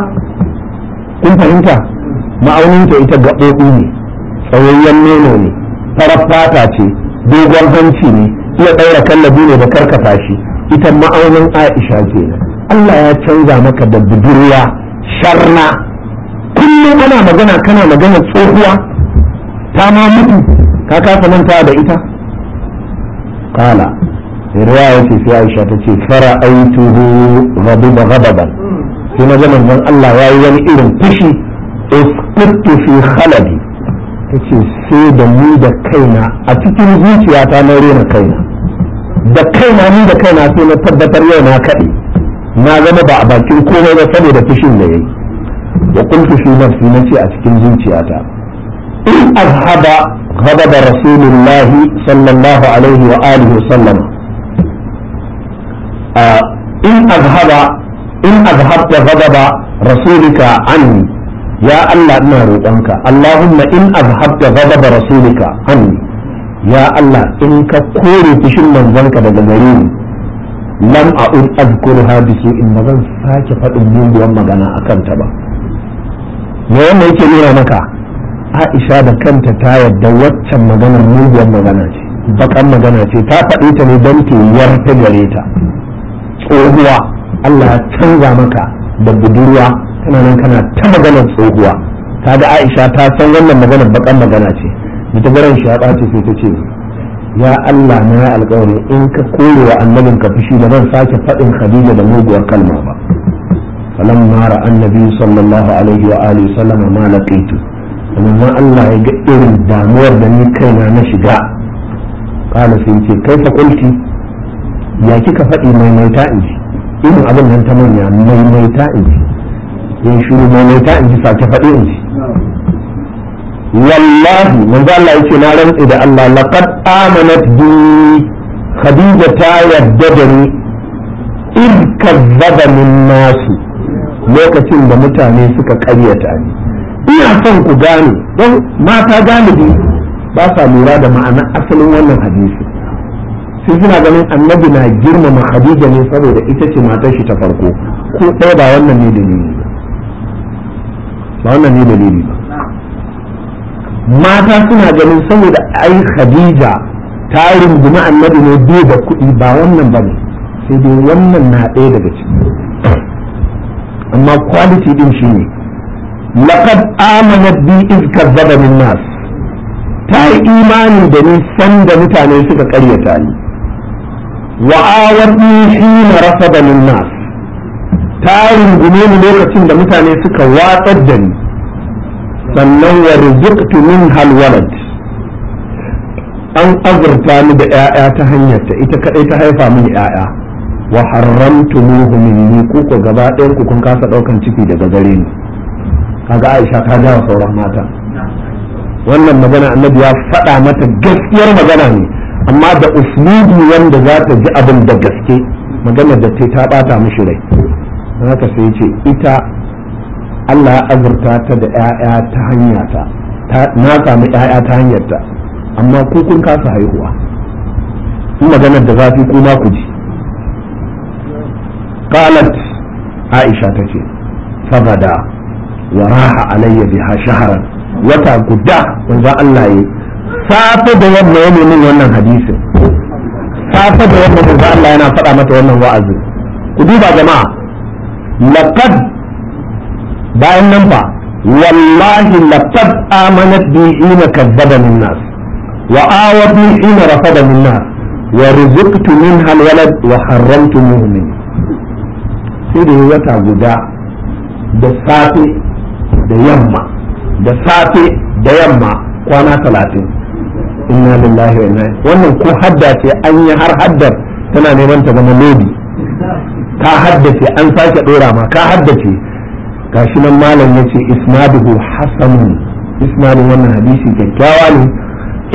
kun fahimta ma'auninta ita gaɓoɓi ne tsawayyen nono ne farar fata ce dogon hanci ne iya ɗaura kallabi ne da karkata shi ita ma'aunin aisha kenan Allah ya canza maka da budurwa sharna kullum ana magana kana magana tsohuwa ta ma mutu ka kasa manta da ita kala riwaya ce sai Aisha ta ce fara'aituhu ghadiba rababan sai na ga manzon Allah yayi wani irin fushi isqittu fi khaladi tace sai da ni da kaina a cikin zuciyata na rena kaina da kaina ni da kaina sai na tabbatar yau na kaɗe na zama ba a bakin komai ba saboda fushin da yayi wa kuntu fi nafsi a cikin in azhaba غضب رسول الله صلى الله عليه وآله وسلم إن أذهب إن أذهبت غضب رسولك عني ya Allah ina roƙonka Allahumma in azhabta ghadaba rasulika anni ya Allah in ka kore fushin manzonka daga gare ni lam a'ud azkurha bi in ba zan sake faɗin muguwan magana akan ta ba me wannan yake nuna maka Aisha da kanta ta yarda waccan maganar muguwan magana ce bakan magana ce ta faɗi ta ne don keyar ta gare ta tsohuwa Allah ya canza maka da budurwa kana nan kana ta maganar tsohuwa Ta ga Aisha ta san wannan maganar bakan magana ce da ta garan shi ya sai ta ce ya Allah na ya alƙawari in ka kore wa annabin ka fushi da zan sake faɗin Khadija da muguwar kalma ba falamma mara annabi sallallahu alaihi wa alihi sallama ma laqaitu amma Allah ya ga irin damuwar da ni kaina na shiga kala sai ce kai fa kulti ya kika faɗi mai in ji irin abin nan ta manya mai in ji yin shuru mai ta in ji ta faɗi in ji wallahi manzo Allah yake na rantsi da Allah laqad amanat bi khadija ta yadda da ni in kazzaba min nasu lokacin da mutane suka karyata ni ina son ku gane don mata galibi ba sa lura da ma'ana asalin wannan hadisi sai suna ganin annabi na girmama khadija ne saboda ita ce matar shi ta farko ko ɗaya ba wannan ne dalili ba wannan ne dalili ba mata suna ganin saboda ai khadija ta rungumi annabi ne bai da kuɗi ba wannan ba ne sai dai wannan na ɗaya daga ciki amma kwaliti din shi ne laqad amanat bi iz kazzaba min nas ta yi imani da ni sanda mutane suka karyata ni wa awar ni hina rasaba min nas ta rungume ni lokacin da mutane suka watsar da ni sannan wa rizqtu min halwalad an azurta ni da 'ya'ya ta hanyar ta ita kadai ta haifa mini 'ya'ya wa haramtu muhu minni ku ko gaba ɗayan ku kun kasa ɗaukan ciki daga gare ni kaga Aisha ta jawa sauran mata wannan magana annabi ya faɗa mata gaskiyar magana ne amma da uslubi wanda za ta ji abin da gaske magana da ta ta bata mishi rai haka sai ce ita Allah ya azurta ta da 'ya'ya ta hanya ta na sami 'ya'ya ta hanyar ta amma ko kun kasa haihuwa in maganar da zafi ko ma ku ji qalat aisha ta ce fabada wa raha alayya biha shahran wata guda wanda Allah ya safe da yamma ya min wannan hadisin safe da yamma Allah yana faɗa mata wannan wa'azi ku duba jama'a laqad bayan nan ba wallahi laqad amanat bi ina kadzaba min nas wa awatni ina rafada min nas wa rizqtu minha alwalad wa harramtu mu'min sai da wata guda da safe da yamma da safe da yamma kwana talatin inna lillahi wa wannan ko hadda ce an yi har haddar tana neman ta zama lodi ka haddace an sake dora ma ka haddace gashi nan malam yace isnaduhu hasanun isnadun wannan hadisi kyakkyawa ne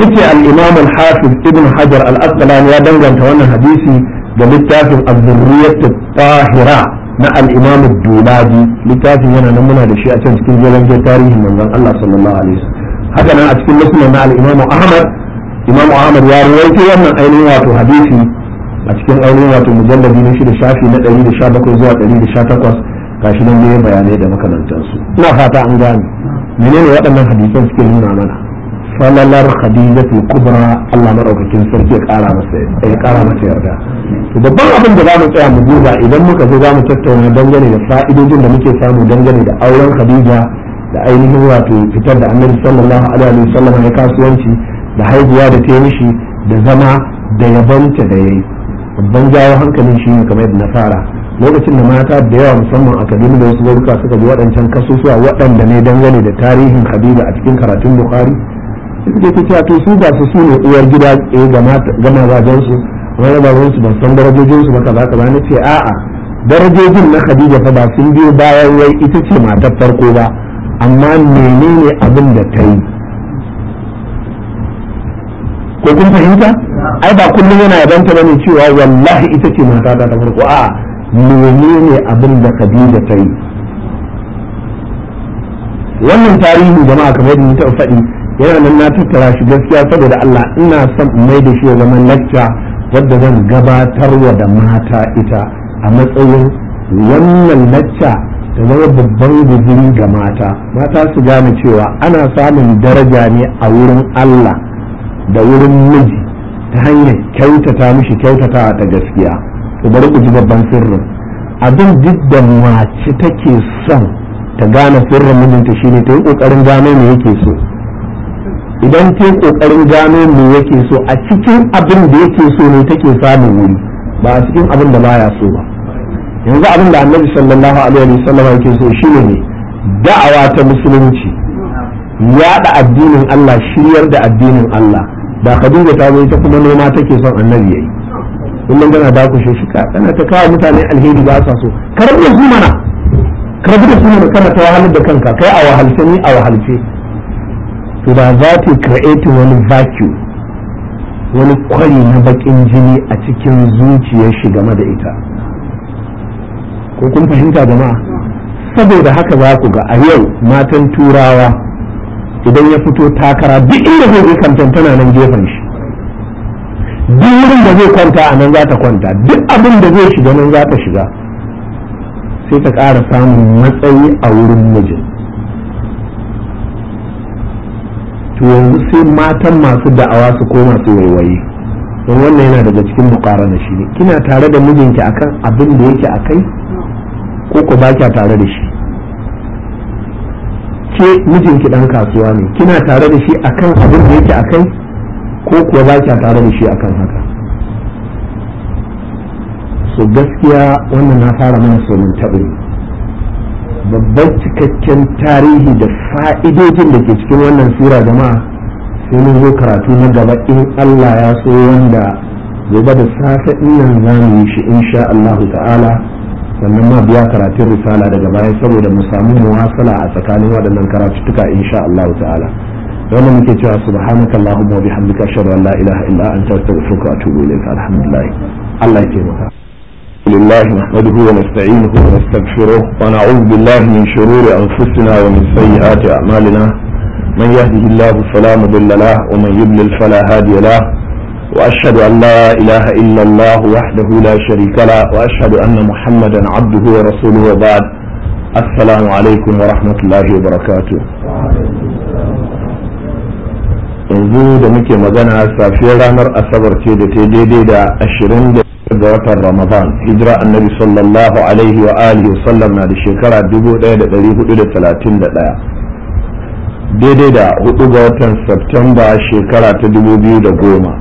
yace al-imam al-hafiz ibn hajar al-asqalani ya danganta wannan hadisi ga littafin az-zurriyyat tahira na al-imam ad littafin yana nan muna da shi a can cikin jerin tarihin manzon Allah sallallahu alaihi wasallam haka nan a cikin musnad na al-imam ahmad imam ahmad ya rawaito wannan ainihin wato hadisi a cikin aure wato mujallabi na shida shafi na 117 zuwa 118 gashi nan ne bayanai da makamantansu ina fata an gane menene waɗannan hadisan suke nuna mana falalar khadija fi kubra Allah madaukakin sarki ya kara masa ya yarda to babban abin da za mu tsaya mu duba idan muka zo za mu tattauna dangane da fa'idojin da muke samu dangane da auren khadija da ainihin wato fitar da annabi sallallahu alaihi wasallam ya kasuwanci da haihuwa da ta mishi da zama da yabanta da yayi babban jawo hankalin shi ne kamar yadda na fara lokacin da mata da yawa musamman a kaduna da wasu garuka suka bi waɗancan kasusuwa waɗanda ne dangane da tarihin habiba a cikin karatun bukhari suka ce cewa to su ba su ne uwar gida eh, ga mazajensu wani babansu ban san darajojinsu ba kaza kaza na ce a'a darajojin na khadija fa ba sun biyo bayan wai ita ce matar farko ba amma menene abin da ta yi ko kun fahimta ai ba kullum yana yabanta bane cewa wallahi ita ce mata ta farko a menene abin da Khadija ta yi wannan tarihi jama'a kamar yadda ta faɗi yana nan na tattara shi gaskiya saboda Allah ina son mai da shi ya zama lacca wadda zan wa da mata ita a matsayin wannan lacca da zama babban guzuri ga mata mata su gane cewa ana samun daraja ne a wurin Allah da wurin miji ta hanyar kyautata mishi kyautata a ta gaskiya ku bari ku ji babban sirrin abin duk da mace take son ta gane sirrin mijinta shine ta yi kokarin gano me yake so idan ta yi kokarin gano me yake so a cikin abin da yake so ne take samun wuri ba a cikin abin da baya so ba yanzu abin da annabi sallallahu alaihi wa sallam yake so shine ne da'awa ta musulunci yada addinin Allah shiryar da addinin Allah da Khadija ta zo ta kuma noma take son annabi yayi kullum tana dakushe shi ka kana ta kawo mutane alheri ba sa so da su mana karbi da su mana kana ta wahalar da kanka kai a wahalce ni a wahalce to da za ta create wani vacuum wani kwari na bakin jini a cikin zuciyar shi game da ita ko kun fahimta jama'a saboda haka za ku ga a yau matan turawa idan ya fito takara duk inda zai yi kwanta tana nan gefen shi duk wurin da zai kwanta a nan za ta kwanta duk abin da zai shiga nan za ta shiga sai ta ƙara samun matsayi a wurin mijin to yanzu sai matan masu da'awa su koma su waiwaye don wannan yana daga cikin na shi ne kina tare da mijinki akan abin da yake akai ko ku ba tare da shi ke mijinki dan kasuwa ne kina tare da shi akan abin da yake akai ko kuwa ba kya tare da shi akan haka so gaskiya wannan na fara mana somin taɓin babban cikakken tarihi da fa'idojin da ke cikin wannan sura jama'a sai mun zo karatu na gaba in Allah ya so wanda gobe da safe nan za mu yi shi insha Allah ta'ala sannan ma biya karatun risala daga baya saboda mu samu muwasala a tsakanin waɗannan karatuttuka insha Allah ta'ala wannan muke cewa subhanaka allahumma wa bihamdika ashhadu an la ilaha illa anta astaghfiruka wa atubu ilayk alhamdulillah Allah ya taimaka لله نحمده ونستعينه ونستغفره ونعوذ بالله من شرور أنفسنا ومن سيئات أعمالنا من يهده الله فلا مضل له ومن يضلل فلا هادي له وأشهد أن لا إله إلا الله وحده لا شريك له وأشهد أن محمدا عبده ورسوله وبعد السلام عليكم ورحمة الله وبركاته yanzu da muke magana safiyar ranar asabar ce da ta daidai da ashirin da ga watan ramadan hijira annabi sallallahu alaihi wa alihi wa sallam na da shekara 1431 daidai da hudu ga watan Septemba shekara ta 2010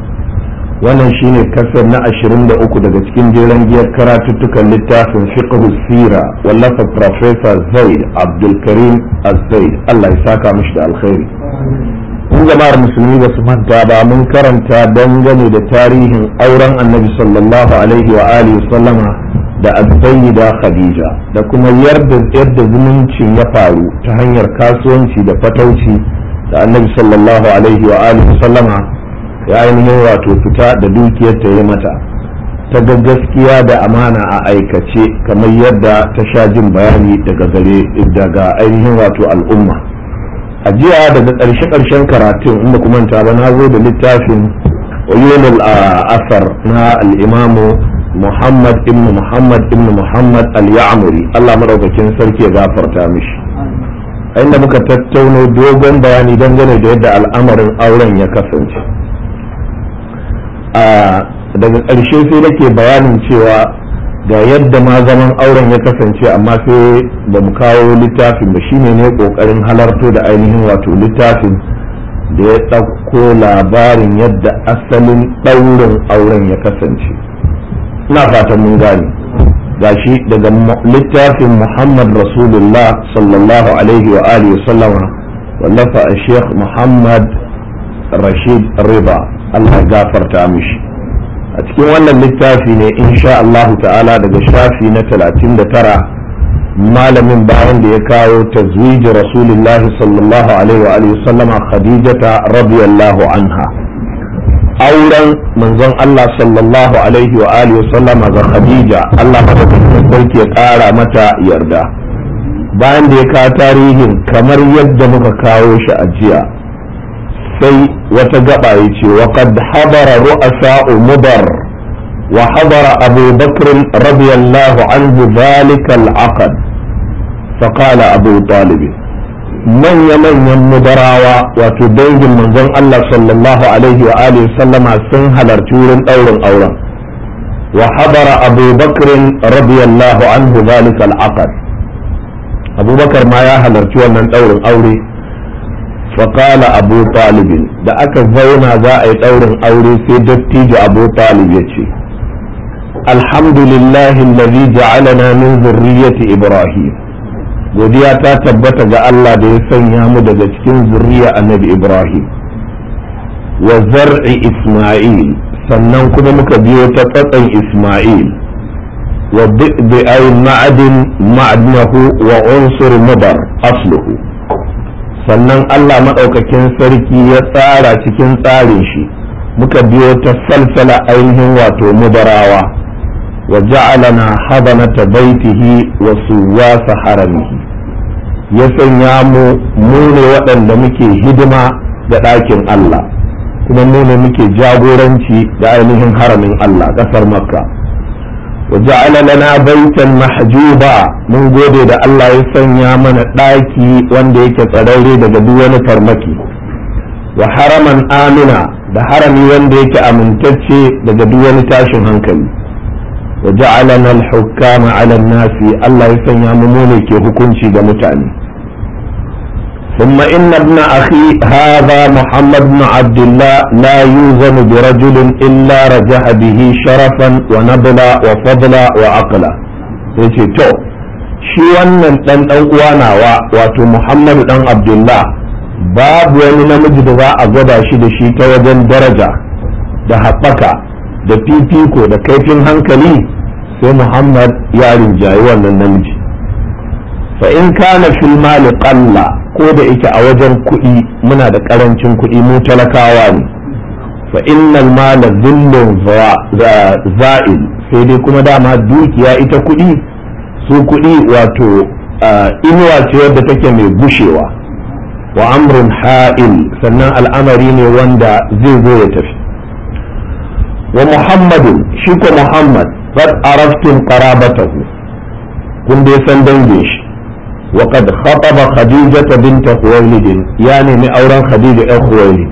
wannan shine kasar na 23 daga cikin jeren giyar karatuttukan littafin fiqh sira wallafa professor zaid abdulkarim az-zaid Allah ya saka mishi da alkhairi kun jama'ar musulmi ba su manta ba mun karanta dangane da tarihin auren annabi sallallahu alaihi wa alihi sallama da azbayyida khadija da kuma yarda yadda zumuncin ya faru ta hanyar kasuwanci da fatauci da annabi sallallahu alaihi wa alihi sallama ya ainihin wato fita da dukiyar ta yi mata ta ga gaskiya da amana a aikace kamar yadda ta sha jin bayani daga gare daga ainihin wato al'umma a jiya daga ƙarshe ƙarshen karatun inda kuma ta ba na zo da littafin uyunul asar na al'imamu muhammad ibn muhammad ibn muhammad al-ya'muri allah maɗaukakin sarki ya gafarta mishi a inda muka tattauna dogon bayani dangane da yadda al'amarin auren ya kasance daga ƙarshe sai nake bayanin cewa ga yadda ma zaman auren ya kasance amma sai ba mu kawo littafin ba shine ne ƙoƙarin halarto da ainihin wato littafin da ya ɗauko labarin yadda asalin ɗaurin auren ya kasance na fatan mun gane gashi daga littafin muhammad rasulullah sallallahu alaihi wa alihi sallama wallafa a sheikh muhammad rashid riba allah gafarta mishi a cikin wannan littafi ne insha allahu ta'ala daga shafi na 39 malamin bayan da ya kawo tazwiji rasulullahi sallallahu alaihi wa sallama khadijata radiyallahu anha auren manzon Allah sallallahu alaihi wa sallama ga khadija Allah madaukakin sarki ya kara mata yarda bayan da ya kawo tarihin kamar yadda muka kawo shi a jiya sai wata gaba ya ce wa qad habara ru'asa mudar wa habara abu bakr radiyallahu anhu zalika al-aqd fa qala abu talib manya manyan mudarawa wato dangin manzon Allah sallallahu alaihi wa alihi sallama sun halarci wurin daurin auren wa habara abu bakr radiyallahu anhu zalika al Abu Bakr ma ya halarci wannan daurin aure faƙala abu talibin da aka zauna za a yi ɗaurin aure sai dattijo abu talib ya ce alhamdulillahi lalzi ja'alana min zurriyyati ibrahim godiya ta tabbata ga Allah da ya sanya mu daga cikin zuriya annabi ibrahim wa zar'i isma'il sannan kuma muka biyo ta tsatsan isma'il wa bi'ai ma'adin ma'adnahu wa unsur mudar asluhu sannan Allah maɗaukakin sarki ya tsara cikin tsarin shi muka biyo ta salsala ainihin wato mubarawa wa ja'alana ta baitihi wa wasa haramihi ya sanya mu mu waɗanda muke hidima da ɗakin Allah kuma mu muke jagoranci da ainihin haramin Allah ƙasar Makka وجعل لنا بيتا محجوبا mun gode da Allah ya sanya mana ɗaki wanda yake tsararre daga duwani wani farmaki wa haraman amina da harami wanda yake amintacce daga duwani tashin hankali wa ja'alana al-hukama 'ala Allah ya sanya mu ke hukunci ga mutane ثم إن muhammad أخي هذا محمد بن عبد الله لا يوزن برجل إلا رجح به شرفا ونبلا وفضلا وعقلا يجي تو shi wannan ɗan ɗan uwa nawa wato muhammad ɗan Abdullah babu wani namiji da za a gwada shi da shi ta wajen daraja da haɓaka da fifiko da kaifin hankali sai Muhammad ya rinjayi wannan namiji fa in kana fil mali qalla ko da yake a wajen kuɗi muna da ƙarancin kuɗi mu talakawa ne fa innal mala dhillun za'il sai dai kuma dama dukiya ita kuɗi su kuɗi wato inuwa ce wadda take mai gushewa wa amrun ha'il sannan al'amari ne wanda zai zo ya tafi wa muhammadin shi ko muhammad qad araftum qarabatahu kun dai san dangin shi وقد خطب خديجة بنت خويلد يعني من أوران خديجة خويلد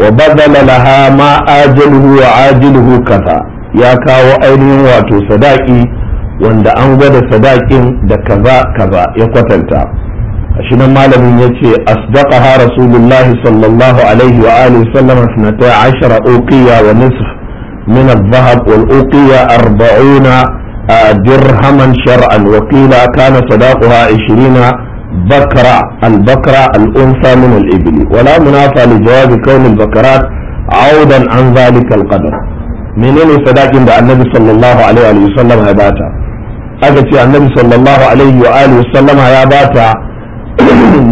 وبذل لها ما آجله وعاجله كذا يا كاو أين واتو صداقي وند أنغد صداقي دا كذا كذا يقتلتا أشنا مالم يتي أصدقها رسول الله صلى الله عليه وآله وسلم اثنتا عشر أوقية ونصف من الذهب والأوقية أربعون درهما شرعا وقيل كان صداقها عشرين بكرة البكرة الأنثى من الإبل ولا منافى لجواز كون البكرات عودا عن ذلك القدر منين صداق عند النبي صلى الله عليه وسلم هباتا أجت النبي صلى الله عليه وآله وسلم هباتا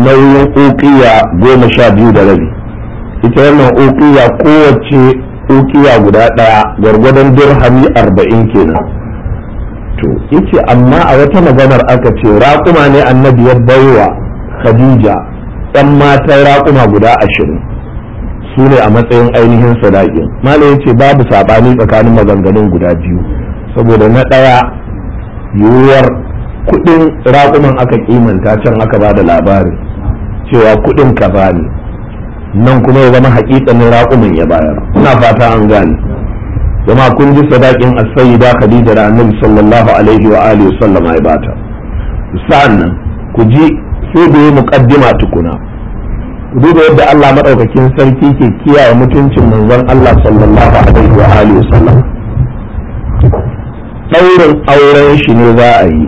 nauyin ukiya goma sha biyu da rabi ita wannan ukiya kowace ukiya guda ɗaya gwargwadon dirhami arba'in kenan to yake amma a wata maganar aka ce raƙuma ne annabi ya baiwa khadija ɗan matan raƙuma guda ashirin su ne a matsayin ainihin sadakin malam yace babu saɓani tsakanin maganganun guda biyu saboda na ɗaya yiwuwar kuɗin raƙuman aka kimanta can aka ba da labarin cewa kuɗin kaza ne nan kuma ya zama haƙiƙanin raƙumin ya bayar ina fata an gane jama kun ji sadakin asayi da khadija da annabi sallallahu alaihi wa alihi wa sallam ya bata ku ji sai da yi muqaddima tukuna duba yadda Allah madaukakin sarki ke kiyaye mutuncin manzon Allah sallallahu alaihi wa alihi wa sallam daurin auren shi ne za a yi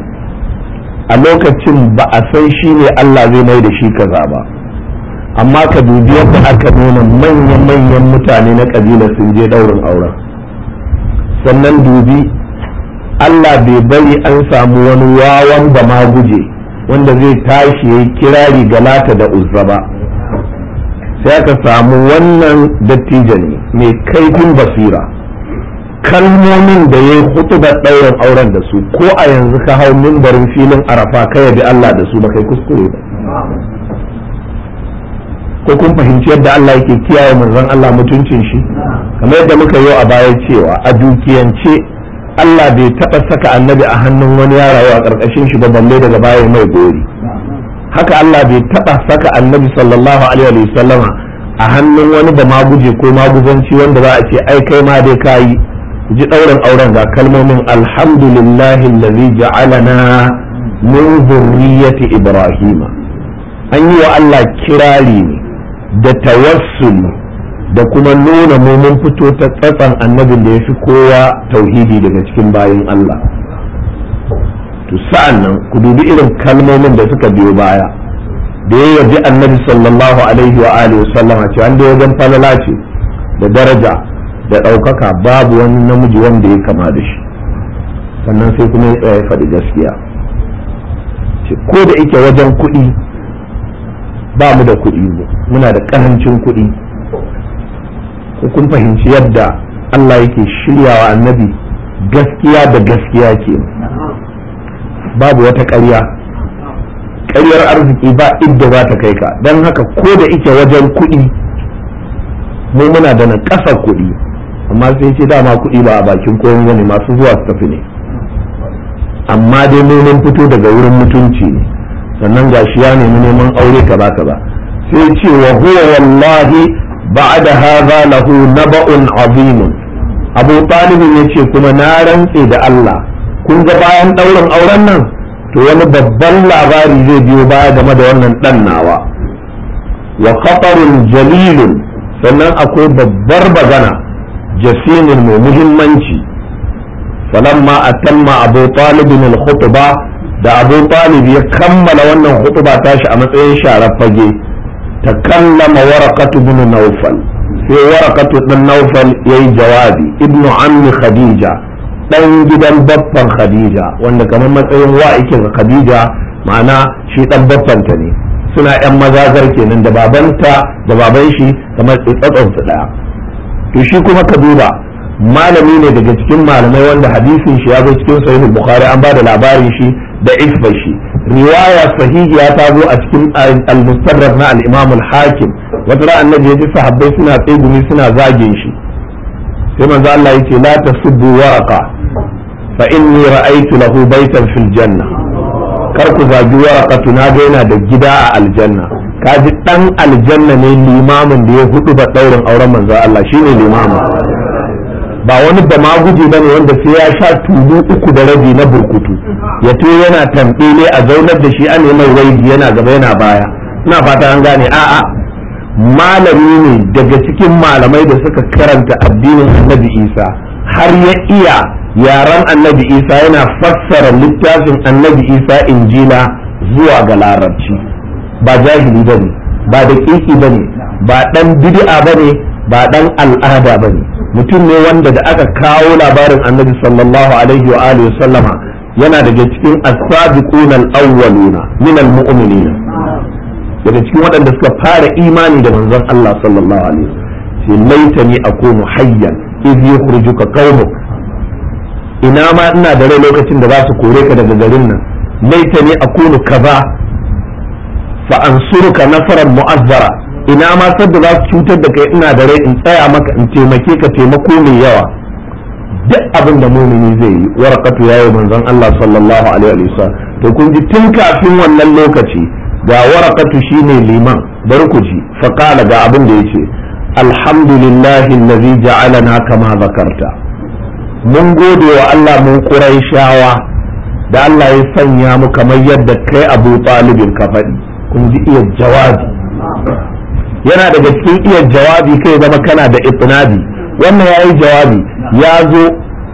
a lokacin ba a san shi ne Allah zai mai da shi kaza ba amma ka dubi yadda aka nuna manya-manyan mutane na kabila sun je daurin auren sannan dubi Allah bai bari an samu wani wawan ba ma guje wanda zai tashi ya kirari galata da uzza ba sai aka samu wannan dattijo ne mai kaifin basira kalmomin da ya yi da ɗaurin auren da su ko a yanzu ka hau mimbarin filin arafa ka yabi Allah da su ba kai kuskure ba ko kun fahimci yadda Allah yake kiyaye manzon Allah mutuncin shi kamar yadda muka yi a baya cewa a dukiyance Allah bai taɓa saka annabi a hannun wani ya rayu a ƙarƙashin shi ba balle daga baya mai gori haka Allah bai taɓa saka annabi sallallahu alaihi wa sallama a hannun wani ba maguje ko maguzanci wanda za a ce ai kai ma dai kayi ji ɗaurin auren ga kalmomin alhamdulillahi allazi ja'alana min zurriyyati ibrahima an yi wa Allah kirari ne da tawassuli da kuma nuna mu mun fito ta tsatsan annabin da ya fi kowa tauhidi daga cikin bayan Allah to sa'an nan ku dubi irin kalmomin da suka biyo baya da ya yabi annabi sallallahu alaihi wa alihi wa sallama cewa da wajen falala ce da daraja da ɗaukaka babu wani namiji wanda ya kama da shi sannan sai kuma ya tsaye faɗi gaskiya ko da ike wajen kuɗi ba mu da kuɗi ne muna da ƙarancin kuɗi ko kun fahimci yadda Allah yake shiryawa annabi gaskiya da gaskiya ke babu wata ƙarya ƙaryar arziki ba idda za ta kai ka don haka ko da ike wajen kuɗi mu muna da na ƙasa kuɗi amma sai ce dama kuɗi ba a bakin koyon wani masu zuwa su tafi ne amma dai mun fito daga wurin mutunci ne sannan gashiya ya nemi neman aure kaza kaza sai ce wa huwa wallahi da hadha lahu naba'un azimun abu talibin ya ce kuma na rantse da Allah kun ga bayan ɗaurin auren nan to wani babban labari zai biyo baya game da wannan ɗan nawa wa qatarun jalilun sannan akwai babbar bagana jasirin mai muhimmanci falamma atamma abu talibin al da abu talib ya kammala wannan khutba tashi a matsayin sharar fage takallama warakatu bin naufal sai warakatu ɗan naufal ya yi jawabi ibnu ammi khadija ɗan gidan baffan khadija wanda kamar matsayin wa'ikin khadija ma'ana shi ɗan baffanta ne suna yan mazazar kenan da babanta da baban shi kamar tsatson su daya to shi kuma ka duba malami ne daga cikin malamai wanda hadisin shi ya zo cikin sahihul bukhari an ba da labarin shi da isbar shi riwaya sahihiya ta zo a cikin al na al-imam al-hakim wata ra annabi ya ji sahabbai suna tsegumi suna zagin shi sai manzo Allah yace la tasubbu waraqa fa inni ra'aytu lahu baytan fil janna kar ku zagi waraqatu na ga yana da gida a aljanna kaji dan aljanna ne limamin da ya hudu ba daurin auren manzo Allah shine limamin ba wani da maguje bane wanda sai ya sha tulu uku da rabi na burkutu ya to yana tambe ne a zaunar da shi an mai waidi yana gaba yana baya ina fata an gane a'a malami ne daga cikin malamai da suka karanta addinin annabi isa har ya iya yaran annabi isa yana fassara littafin annabi isa injila zuwa ga larabci ba jahili bane ba da kiki bane ba dan bid'a bane ba dan al'ada bane mutum ne wanda da aka kawo labarin annabi sallallahu alaihi wa alihi sallama yana daga cikin as-sabiqun al-awwaluna min al-mu'minin daga cikin waɗanda suka fara imani da manzon Allah sallallahu alaihi sai laitani akunu hayyan idh yukhrijuka qaumuk ina ma ina da rai lokacin da za su kore ka daga garin nan laitani akunu kaza fa ansuruka nasaran mu'azzara ina ma sadda za su cutar da kai ina da rai in tsaya maka in taimake ka taimako mai yawa duk abin da mumini zai yi warakatu yayi manzon Allah sallallahu alaihi wa to kun ji tun kafin wannan lokaci ga warakatu shine liman bari ku ji fa qala ga abin da ya yace alhamdulillahi allazi ja'alana kama zakarta mun gode wa Allah mun quraishawa da Allah ya sanya mu kamar yadda kai Abu Talibin ka faɗi kun ji iya jawabi yana da cikin iya jawabi kai zama kana da isnadi wannan yi jawabi ya zo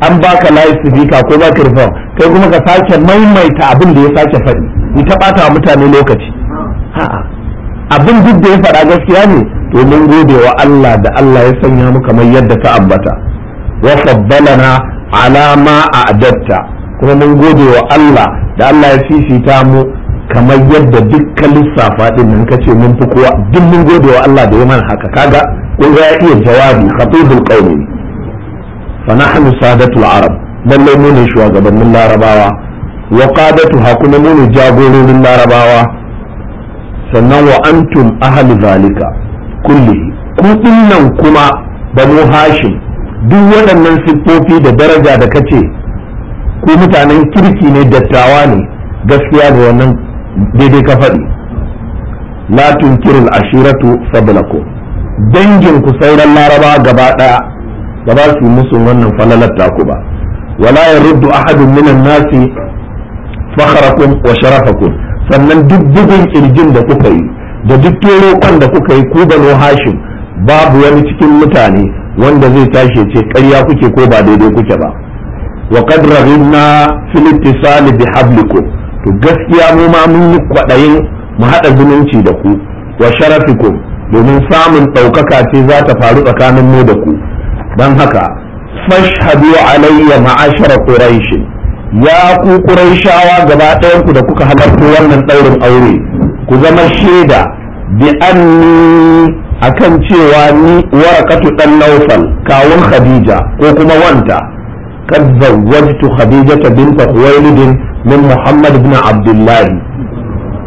an baka live speaker ko baka reform kai kuma ka sake maimaita abin da ya sake faɗi ni ta bata wa mutane lokaci abin duk da ya faɗa gaskiya ne to mun gode wa Allah da Allah ya sanya mu kamar yadda ka ambata wa faddalana ala ma a'datta kuma mun gode wa Allah da Allah ya fifita mu kamar yadda dukkan lissafa din nan kace mun fi kowa duk mun gode wa Allah da ya mana haka kaga kun ga ya iya jawabi khatibul qawmi fa nahnu sadatul arab lalle mu ne shugabannin larabawa wa qadatuha kuma mu ne jagororin larabawa sannan wa antum ahli zalika kulli ku dinnan kuma banu hashim duk waɗannan siffofi da daraja da kace ku mutanen kirki ne dattawa ne gaskiya da wannan daidai ka faɗi la tunkirul ashiratu sablakum dangin ku sauran laraba gaba daya ba za su musu wannan falalar taku ba wala yaruddu ahadun minan nasi fakharakum wa sharafakum sannan duk bugun kirjin da kuka yi da duk kan da kuka yi ku banu hashim babu wani cikin mutane wanda zai tashi ce ƙarya kuke ko ba daidai kuke ba wa qad raghibna fil ittisali bi hablikum to gaskiya mu ma mun yi kwaɗayin mu haɗa zumunci da ku wa sharafikum domin samun ɗaukaka ce za ta faru tsakanin mu da ku don haka fashhadu alayya ma'ashara quraish ya ku quraishawa gaba ɗayan ku da kuka halarta wannan ɗaurin aure ku zama shaida bi anni akan cewa ni warakatu dan nawfal kawun khadija ko kuma wanta kad zawwajtu khadijata binta khuwaylid min muhammad ibn abdullahi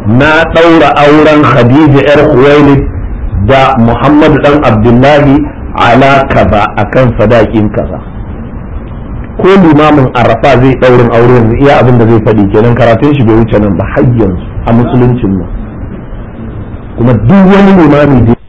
na ɗaura auren khadija yar khuwailid da muhammad dan abdullahi ala kaza akan sadakin kaza ko limamin arafa zai ɗaurin aure yanzu iya abin da zai faɗi kenan karatun shi bai wuce nan ba har yanzu a musuluncin nan kuma duk wani limami da